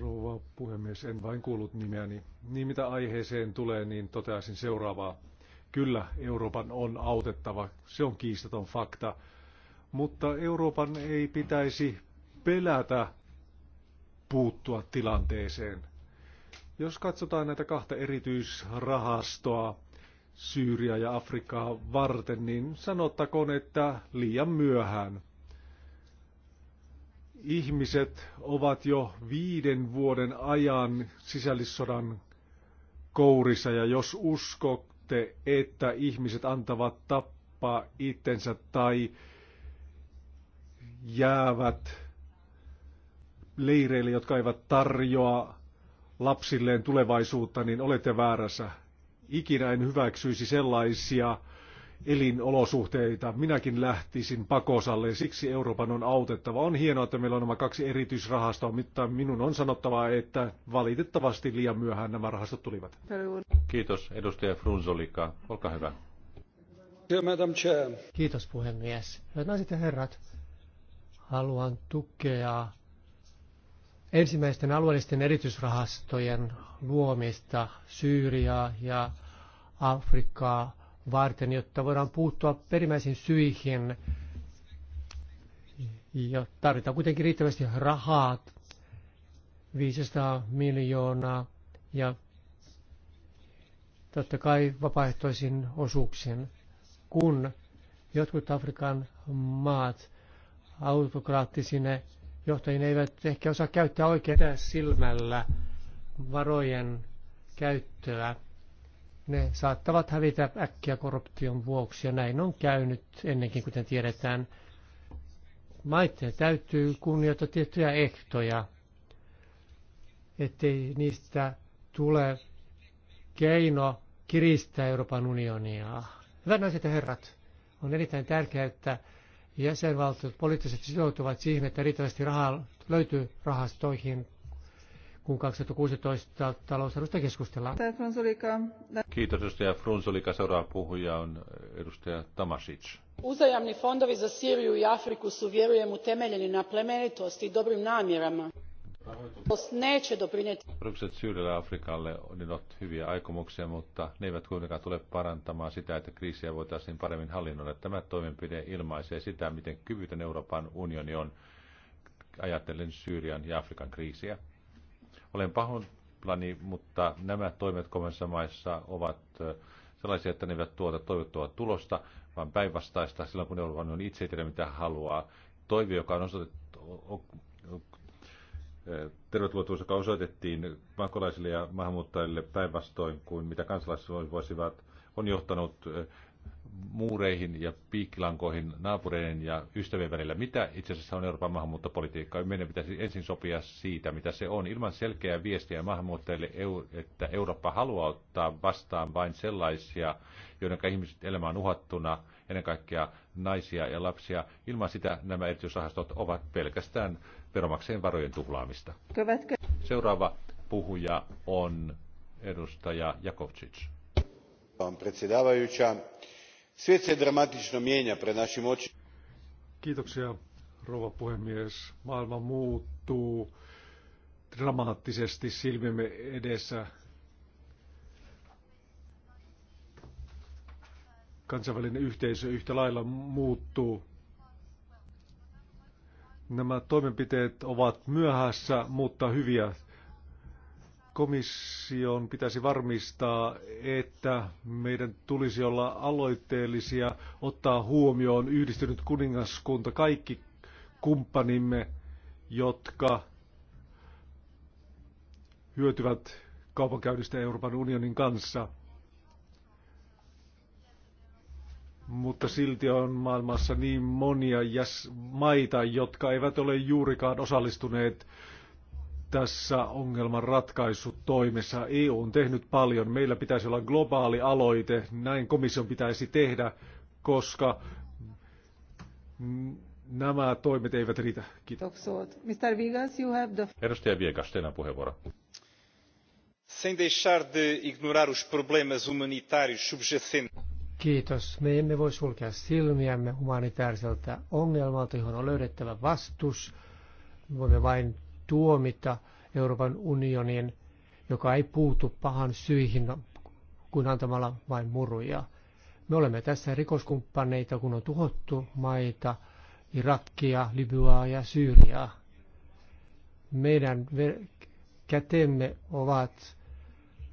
Rouva puhemies, en vain kuullut nimeäni. Niin mitä aiheeseen tulee, niin toteaisin seuraavaa Kyllä Euroopan on autettava, se on kiistaton fakta. Mutta Euroopan ei pitäisi pelätä puuttua tilanteeseen. Jos katsotaan näitä kahta erityisrahastoa, Syyriä ja Afrikkaa varten, niin sanottakoon, että liian myöhään. Ihmiset ovat jo viiden vuoden ajan sisällissodan kourissa ja jos usko sanotte, että ihmiset antavat tappaa itsensä tai jäävät leireille, jotka eivät tarjoa lapsilleen tulevaisuutta, niin olette väärässä. Ikinä en hyväksyisi sellaisia elinolosuhteita. Minäkin lähtisin pakosalle ja siksi Euroopan on autettava. On hienoa, että meillä on nämä kaksi erityisrahastoa, mutta minun on sanottava, että valitettavasti liian myöhään nämä rahastot tulivat. Kiitos, edustaja Frunzolika. Olkaa hyvä. Kiitos puhemies. Hyvät naiset ja herrat, haluan tukea ensimmäisten alueellisten erityisrahastojen luomista Syyriaa ja Afrikkaa varten, jotta voidaan puuttua perimmäisiin syihin. Ja tarvitaan kuitenkin riittävästi rahaa, 500 miljoonaa, ja totta kai vapaaehtoisin osuuksin, kun jotkut Afrikan maat autokraattisine johtajina eivät ehkä osaa käyttää oikein silmällä varojen käyttöä. Ne saattavat hävitä äkkiä korruption vuoksi ja näin on käynyt ennenkin, kuten tiedetään. Maitteen täytyy kunnioittaa tiettyjä ehtoja, ettei niistä tule keino kiristää Euroopan unionia. Hyvät naiset ja herrat, on erittäin tärkeää, että jäsenvaltiot poliittisesti sitoutuvat siihen, että riittävästi rahaa löytyy rahastoihin, kun 2016 talousarvosta keskustellaan. Kiitos edustaja Frunzulika. Seuraava puhuja on edustaja Tamasic. Uzajamni fondovi za Siriju i Afriku su vjerujem utemeljeni na plemenitosti i dobrim namjerama Neće doprinijeti. Syyrille Afrikalle on niin ovat hyviä aikomuksia, mutta ne eivät kuitenkaan tule parantamaan sitä, että kriisiä voitaisiin paremmin hallinnoida. Tämä toimenpide ilmaisee sitä, miten kyvytön Euroopan unioni on ajatellen Syyrian ja Afrikan kriisiä. Olen pahoillani, mutta nämä toimet kolmessa maissa ovat sellaisia, että ne eivät tuota toivottua tulosta, vaan päinvastaista silloin, kun Euroopan unioni itse ei tiedä, mitä haluaa. Toive, joka on osoitettu, tervetulotuus, joka osoitettiin pakolaisille ja maahanmuuttajille päinvastoin kuin mitä kansalaiset voisivat, on johtanut muureihin ja piikkilankoihin naapureiden ja ystävien välillä. Mitä itse asiassa on Euroopan maahanmuuttopolitiikka? Meidän pitäisi ensin sopia siitä, mitä se on. Ilman selkeää viestiä maahanmuuttajille, että Eurooppa haluaa ottaa vastaan vain sellaisia, joiden ihmiset elämä on uhattuna, ennen kaikkea naisia ja lapsia. Ilman sitä nämä erityisrahastot ovat pelkästään veromakseen varojen tuhlaamista. Seuraava puhuja on edustaja Jakovčić. Kiitoksia, rouva puhemies. Maailma muuttuu dramaattisesti silmimme edessä. Kansainvälinen yhteisö yhtä lailla muuttuu. Nämä toimenpiteet ovat myöhässä, mutta hyviä. Komission pitäisi varmistaa, että meidän tulisi olla aloitteellisia, ottaa huomioon yhdistynyt kuningaskunta, kaikki kumppanimme, jotka hyötyvät kaupankäynnistä Euroopan unionin kanssa – mutta silti on maailmassa niin monia jäs- maita, jotka eivät ole juurikaan osallistuneet tässä ongelman ratkaisutoimessa. EU on tehnyt paljon. Meillä pitäisi olla globaali aloite. Näin komission pitäisi tehdä, koska nämä toimet eivät riitä. Kiitos. Mr. Vigas, you have the... Edustaja Viegas, teidän puheenvuoro. Sen deixar de ignorar os problemas humanitários subjacentes. Kiitos. Me emme voi sulkea silmiämme humanitaariselta ongelmalta, johon on löydettävä vastus. Me voimme vain tuomita Euroopan unionin, joka ei puutu pahan syihin no, kuin antamalla vain muruja. Me olemme tässä rikoskumppaneita, kun on tuhottu maita, Irakkia, Libyaa ja Syyriaa. Meidän ver- kätemme ovat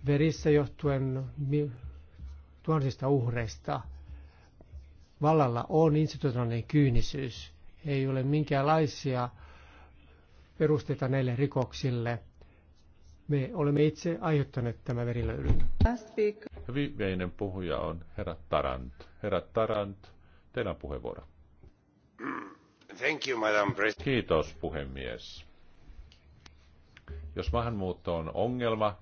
verissä johtuen tuhansista uhreista. Vallalla on institutionaalinen kyynisyys. Ei ole minkäänlaisia perusteita näille rikoksille. Me olemme itse aiheuttaneet tämän verilöylyn. Viimeinen puhuja on herra Tarant. Herra Tarant, teillä on puheenvuoro. Thank you, Madam President. Kiitos, puhemies. Jos maahanmuutto on ongelma,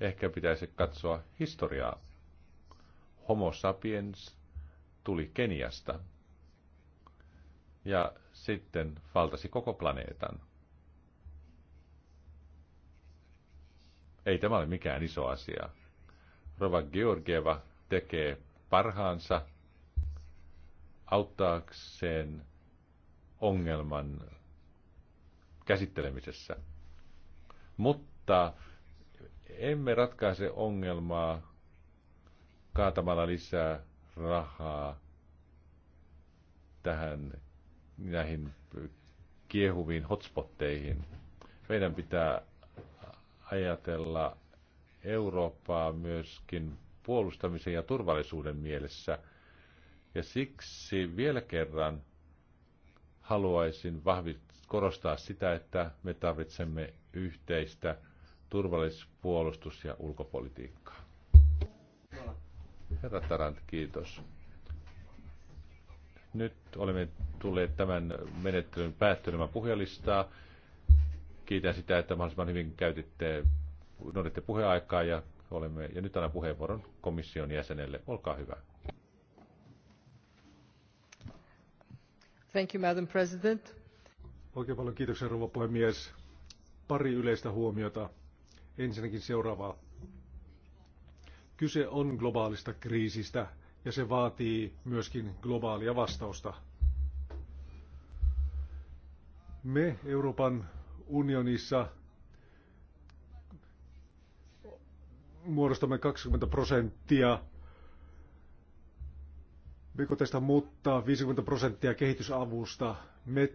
ehkä pitäisi katsoa historiaa homo sapiens tuli Keniasta ja sitten valtasi koko planeetan. Ei tämä ole mikään iso asia. Rova Georgieva tekee parhaansa auttaakseen ongelman käsittelemisessä. Mutta emme ratkaise ongelmaa kaatamalla lisää rahaa tähän näihin kiehuviin hotspotteihin. Meidän pitää ajatella Eurooppaa myöskin puolustamisen ja turvallisuuden mielessä. Ja siksi vielä kerran haluaisin korostaa sitä, että me tarvitsemme yhteistä turvallisuuspuolustus- ja ulkopolitiikkaa. Herra Tarant, kiitos. Nyt olemme tulleet tämän menettelyn päättelemään puhelistaa. Kiitän sitä, että mahdollisimman hyvin käytitte, noudatte puheaikaa ja, olemme, ja nyt annan puheenvuoron komission jäsenelle. Olkaa hyvä. Thank you, Madam President. Oikein paljon kiitoksia, rouva puhemies. Pari yleistä huomiota. Ensinnäkin seuraavaa. Kyse on globaalista kriisistä ja se vaatii myöskin globaalia vastausta. Me Euroopan unionissa muodostamme 20 prosenttia Bikotesta, mutta 50 prosenttia kehitysavusta. Me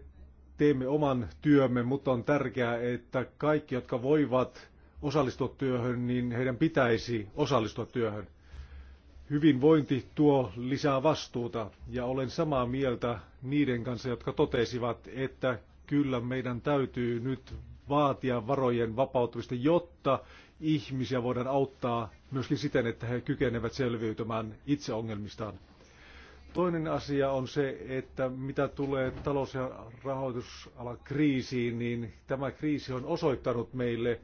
teemme oman työmme, mutta on tärkeää, että kaikki, jotka voivat osallistua työhön, niin heidän pitäisi osallistua työhön. Hyvinvointi tuo lisää vastuuta ja olen samaa mieltä niiden kanssa, jotka totesivat, että kyllä meidän täytyy nyt vaatia varojen vapautumista, jotta ihmisiä voidaan auttaa myöskin siten, että he kykenevät selviytymään itse ongelmistaan. Toinen asia on se, että mitä tulee talous- ja rahoitusalan kriisiin, niin tämä kriisi on osoittanut meille,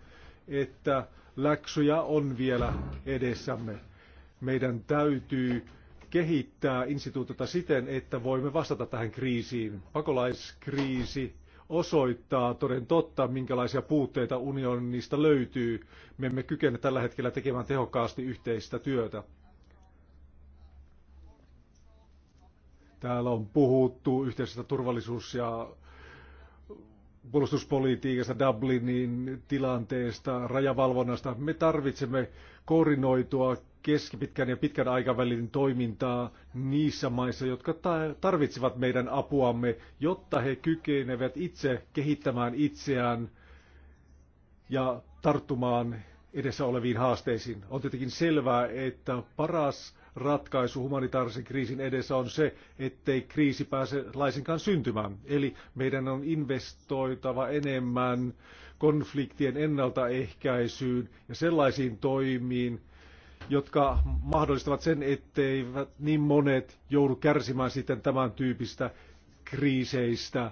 että läksyjä on vielä edessämme. Meidän täytyy kehittää instituutiota siten, että voimme vastata tähän kriisiin. Pakolaiskriisi osoittaa toden totta, minkälaisia puutteita unionista löytyy. Me emme kykene tällä hetkellä tekemään tehokkaasti yhteistä työtä. Täällä on puhuttu yhteisestä turvallisuus- ja puolustuspolitiikasta, Dublinin tilanteesta, rajavalvonnasta. Me tarvitsemme koordinoitua keskipitkän ja pitkän aikavälin toimintaa niissä maissa, jotka tarvitsevat meidän apuamme, jotta he kykenevät itse kehittämään itseään ja tarttumaan edessä oleviin haasteisiin. On tietenkin selvää, että paras ratkaisu humanitaarisen kriisin edessä on se, ettei kriisi pääse laisinkaan syntymään. Eli meidän on investoitava enemmän konfliktien ennaltaehkäisyyn ja sellaisiin toimiin, jotka mahdollistavat sen, etteivät niin monet joudu kärsimään sitten tämän tyypistä kriiseistä.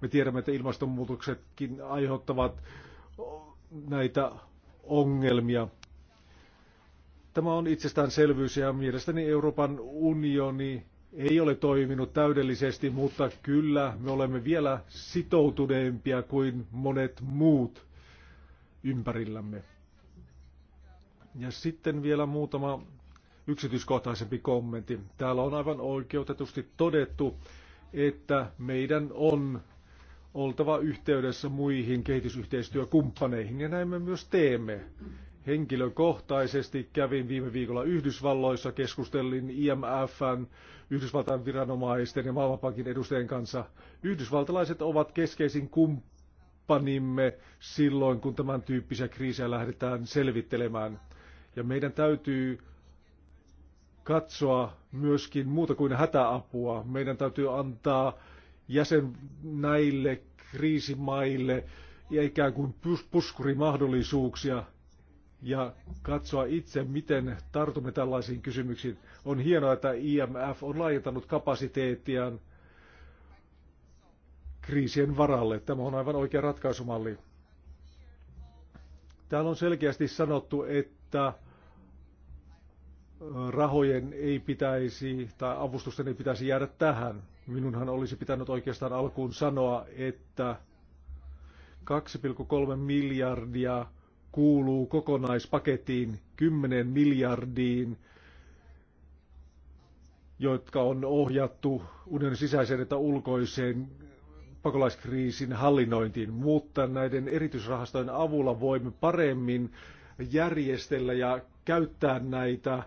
Me tiedämme, että ilmastonmuutoksetkin aiheuttavat näitä ongelmia. Tämä on itsestäänselvyys ja mielestäni Euroopan unioni ei ole toiminut täydellisesti, mutta kyllä me olemme vielä sitoutuneempia kuin monet muut ympärillämme. Ja sitten vielä muutama yksityiskohtaisempi kommentti. Täällä on aivan oikeutetusti todettu, että meidän on oltava yhteydessä muihin kehitysyhteistyökumppaneihin, ja näin me myös teemme. Henkilökohtaisesti kävin viime viikolla Yhdysvalloissa, keskustelin IMFn, Yhdysvaltain viranomaisten ja Maailmanpankin edustajien kanssa. Yhdysvaltalaiset ovat keskeisin kumppanimme silloin, kun tämän tyyppisiä kriisejä lähdetään selvittelemään. Ja meidän täytyy katsoa myöskin muuta kuin hätäapua. Meidän täytyy antaa jäsen näille kriisimaille ja ikään kuin puskurimahdollisuuksia – ja katsoa itse, miten tartumme tällaisiin kysymyksiin. On hienoa, että IMF on laajentanut kapasiteettiaan kriisien varalle. Tämä on aivan oikea ratkaisumalli. Täällä on selkeästi sanottu, että rahojen ei pitäisi tai avustusten ei pitäisi jäädä tähän. Minunhan olisi pitänyt oikeastaan alkuun sanoa, että 2,3 miljardia kuuluu kokonaispakettiin 10 miljardiin, jotka on ohjattu unionin sisäiseen että ulkoiseen pakolaiskriisin hallinnointiin, mutta näiden erityisrahastojen avulla voimme paremmin järjestellä ja käyttää näitä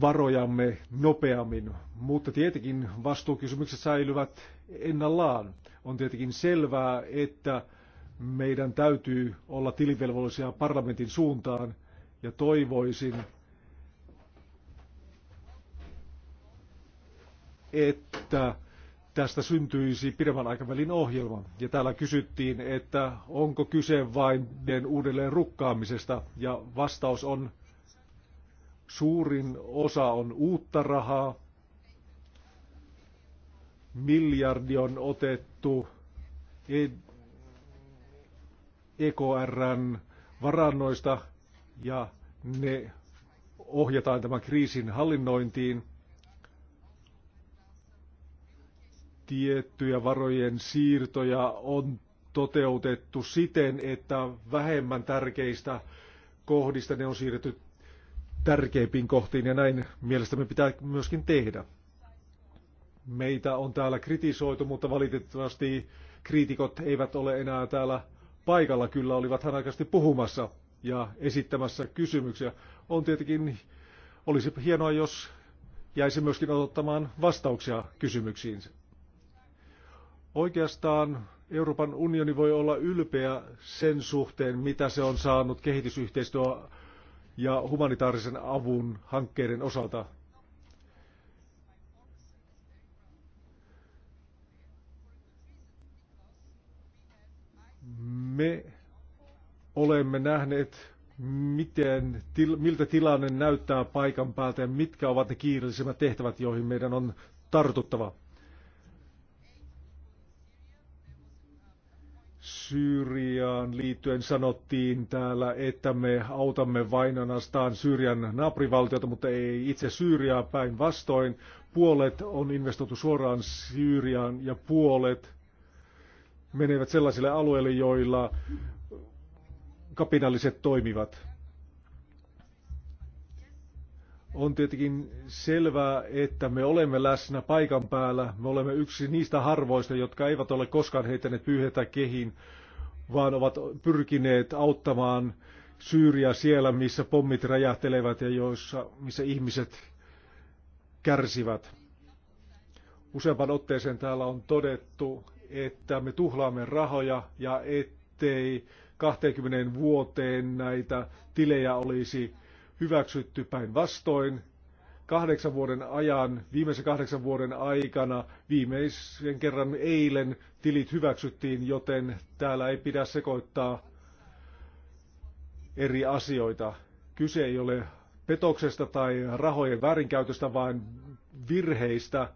varojamme nopeammin. Mutta tietenkin vastuukysymykset säilyvät ennallaan. On tietenkin selvää, että meidän täytyy olla tilivelvollisia parlamentin suuntaan ja toivoisin, että tästä syntyisi pidemmän aikavälin ohjelma. Ja täällä kysyttiin, että onko kyse vain uudelleen rukkaamisesta, ja vastaus on, suurin osa on uutta rahaa, miljardi on otettu EKRn varannoista ja ne ohjataan tämän kriisin hallinnointiin. Tiettyjä varojen siirtoja on toteutettu siten, että vähemmän tärkeistä kohdista ne on siirretty tärkeimpiin kohtiin ja näin mielestämme pitää myöskin tehdä. Meitä on täällä kritisoitu, mutta valitettavasti kriitikot eivät ole enää täällä paikalla kyllä olivat aikaisesti puhumassa ja esittämässä kysymyksiä. On tietenkin, olisi hienoa, jos jäisi myöskin odottamaan vastauksia kysymyksiin. Oikeastaan Euroopan unioni voi olla ylpeä sen suhteen, mitä se on saanut kehitysyhteistyö ja humanitaarisen avun hankkeiden osalta. Me olemme nähneet, miten, til, miltä tilanne näyttää paikan päältä ja mitkä ovat ne kiireellisimmät tehtävät, joihin meidän on tartuttava. Syyriaan liittyen sanottiin täällä, että me autamme vain ainoastaan Syyrian naapurivaltiota, mutta ei itse Syyriaa päinvastoin. Puolet on investoitu suoraan Syyriaan ja puolet menevät sellaisille alueille, joilla kapinalliset toimivat. On tietenkin selvää, että me olemme läsnä paikan päällä. Me olemme yksi niistä harvoista, jotka eivät ole koskaan heittäneet pyyhetä kehiin, vaan ovat pyrkineet auttamaan Syyriä siellä, missä pommit räjähtelevät ja joissa, missä ihmiset kärsivät. Useampaan otteeseen täällä on todettu, että me tuhlaamme rahoja ja ettei 20 vuoteen näitä tilejä olisi hyväksytty päinvastoin. Kahdeksan vuoden ajan, viimeisen kahdeksan vuoden aikana, viimeisen kerran eilen tilit hyväksyttiin, joten täällä ei pidä sekoittaa eri asioita. Kyse ei ole petoksesta tai rahojen väärinkäytöstä, vaan virheistä –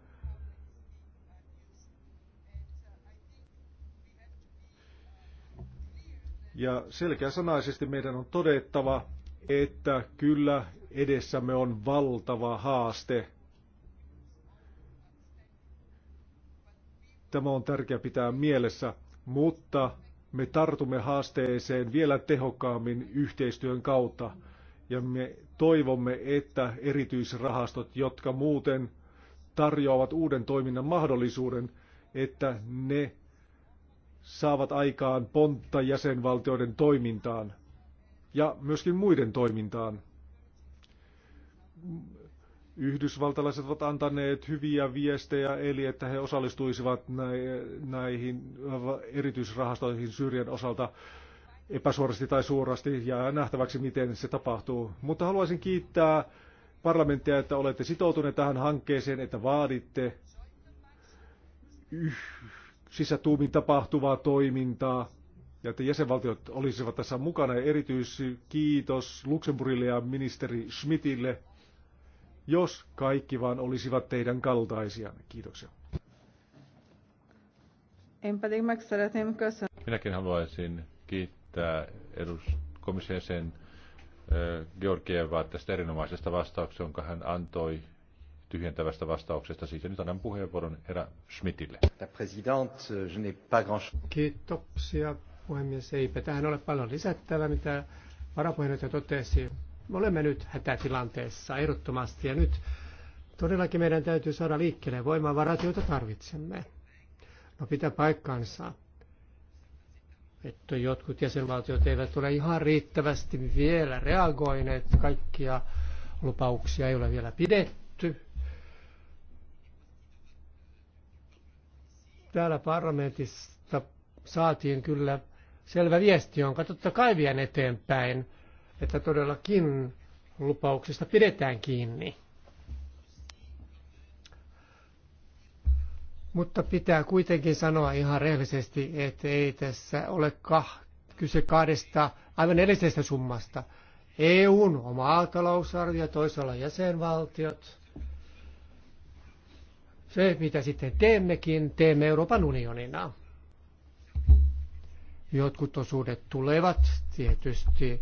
Ja selkeäsanaisesti meidän on todettava, että kyllä edessämme on valtava haaste. Tämä on tärkeää pitää mielessä, mutta me tartumme haasteeseen vielä tehokkaammin yhteistyön kautta. Ja me toivomme, että erityisrahastot, jotka muuten tarjoavat uuden toiminnan mahdollisuuden, että ne saavat aikaan pontta jäsenvaltioiden toimintaan ja myöskin muiden toimintaan. Yhdysvaltalaiset ovat antaneet hyviä viestejä, eli että he osallistuisivat näihin erityisrahastoihin Syyrian osalta epäsuorasti tai suorasti, ja nähtäväksi miten se tapahtuu. Mutta haluaisin kiittää parlamenttia, että olette sitoutuneet tähän hankkeeseen, että vaaditte yh- sisätuumin tapahtuvaa toimintaa ja että jäsenvaltiot olisivat tässä mukana. Ja erityiskiitos Luxemburgille ja ministeri Schmidtille, jos kaikki vaan olisivat teidän kaltaisia. Kiitoksia. Minäkin haluaisin kiittää komission Georgievaa tästä erinomaisesta vastauksesta, jonka hän antoi tyhjentävästä vastauksesta. Siis nyt annan puheenvuoron herra Schmidtille. Kiitoksia puhemies. Eipä tähän ole paljon lisättävää, mitä varapuheenjohtaja totesi. Me olemme nyt hätätilanteessa ehdottomasti ja nyt todellakin meidän täytyy saada liikkeelle voimavarat, joita tarvitsemme. No pitää paikkansa, että jotkut jäsenvaltiot eivät ole ihan riittävästi vielä reagoineet, kaikkia lupauksia ei ole vielä pidetty Täällä parlamentista saatiin kyllä selvä viesti, jonka totta kai vien eteenpäin, että todellakin lupauksista pidetään kiinni. Mutta pitää kuitenkin sanoa ihan rehellisesti, että ei tässä ole kah- kyse kahdesta aivan edellisestä summasta. EUn oma talousarvio, toisella jäsenvaltiot. Se, mitä sitten teemmekin, teemme Euroopan unionina. Jotkut osuudet tulevat tietysti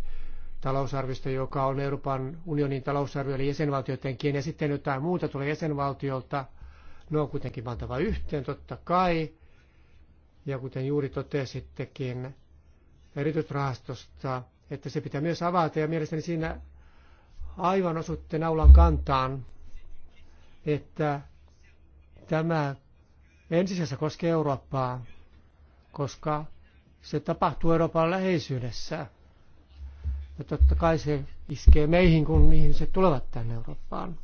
talousarvista, joka on Euroopan unionin talousarvio, eli jäsenvaltioidenkin, ja sitten jotain muuta tulee jäsenvaltiolta. Ne no, on kuitenkin valtava yhteen, totta kai. Ja kuten juuri totesittekin, erityisrahastosta, että se pitää myös avata, ja mielestäni siinä aivan osutte naulan kantaan, että Tämä ensisijassa koskee Eurooppaa, koska se tapahtuu Euroopan läheisyydessä. Ja totta kai se iskee meihin, kun ihmiset tulevat tänne Eurooppaan.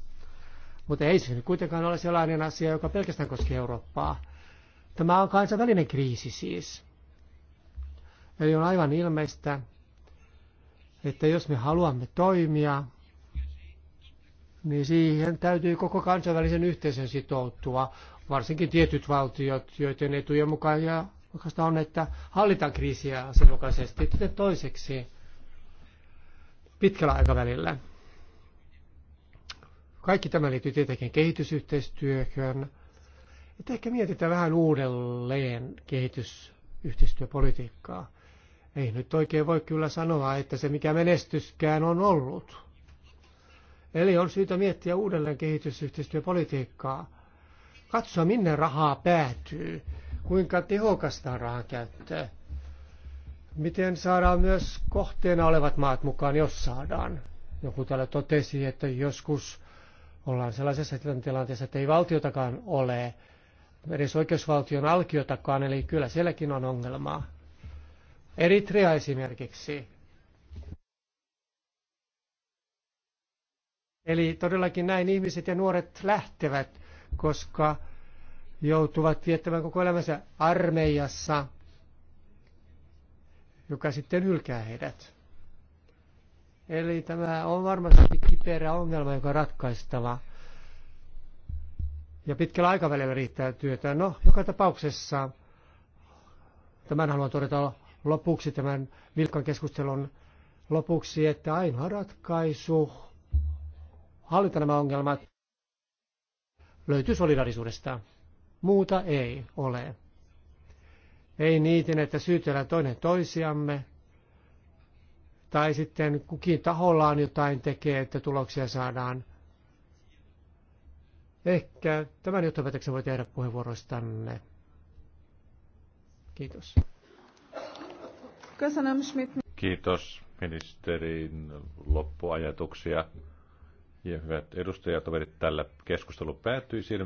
Mutta ei se kuitenkaan ole sellainen asia, joka pelkästään koskee Eurooppaa. Tämä on kansainvälinen kriisi siis. Eli on aivan ilmeistä, että jos me haluamme toimia, niin siihen täytyy koko kansainvälisen yhteisön sitoutua, varsinkin tietyt valtiot, joiden etujen mukaan ja oikeastaan on, että hallitaan kriisiä asianmukaisesti sitten toiseksi pitkällä aikavälillä. Kaikki tämä liittyy tietenkin kehitysyhteistyöhön. Että ehkä mietitään vähän uudelleen kehitysyhteistyöpolitiikkaa. Ei nyt oikein voi kyllä sanoa, että se mikä menestyskään on ollut. Eli on syytä miettiä uudelleen kehitysyhteistyöpolitiikkaa. Katsoa, minne rahaa päätyy, kuinka tehokasta on rahan käyttö. Miten saadaan myös kohteena olevat maat mukaan, jos saadaan. Joku täällä totesi, että joskus ollaan sellaisessa tilanteessa, että ei valtiotakaan ole, edes oikeusvaltion alkiotakaan, eli kyllä sielläkin on ongelmaa. Eritrea esimerkiksi Eli todellakin näin ihmiset ja nuoret lähtevät, koska joutuvat viettämään koko elämänsä armeijassa, joka sitten hylkää heidät. Eli tämä on varmasti kiperä ongelma, joka on ratkaistava. Ja pitkällä aikavälillä riittää työtä. No, joka tapauksessa tämän haluan todeta lopuksi, tämän vilkan keskustelun lopuksi, että ainoa ratkaisu hallita nämä ongelmat, löytyy solidarisuudesta. Muuta ei ole. Ei niitin, että syytellään toinen toisiamme, tai sitten kukin tahollaan jotain tekee, että tuloksia saadaan. Ehkä tämän johtopäätöksen voi tehdä puheenvuoroistanne. Kiitos. Kiitos ministerin loppuajatuksia. Ja hyvät edustajatoverit, tällä keskustelu päättyi. Siirrymme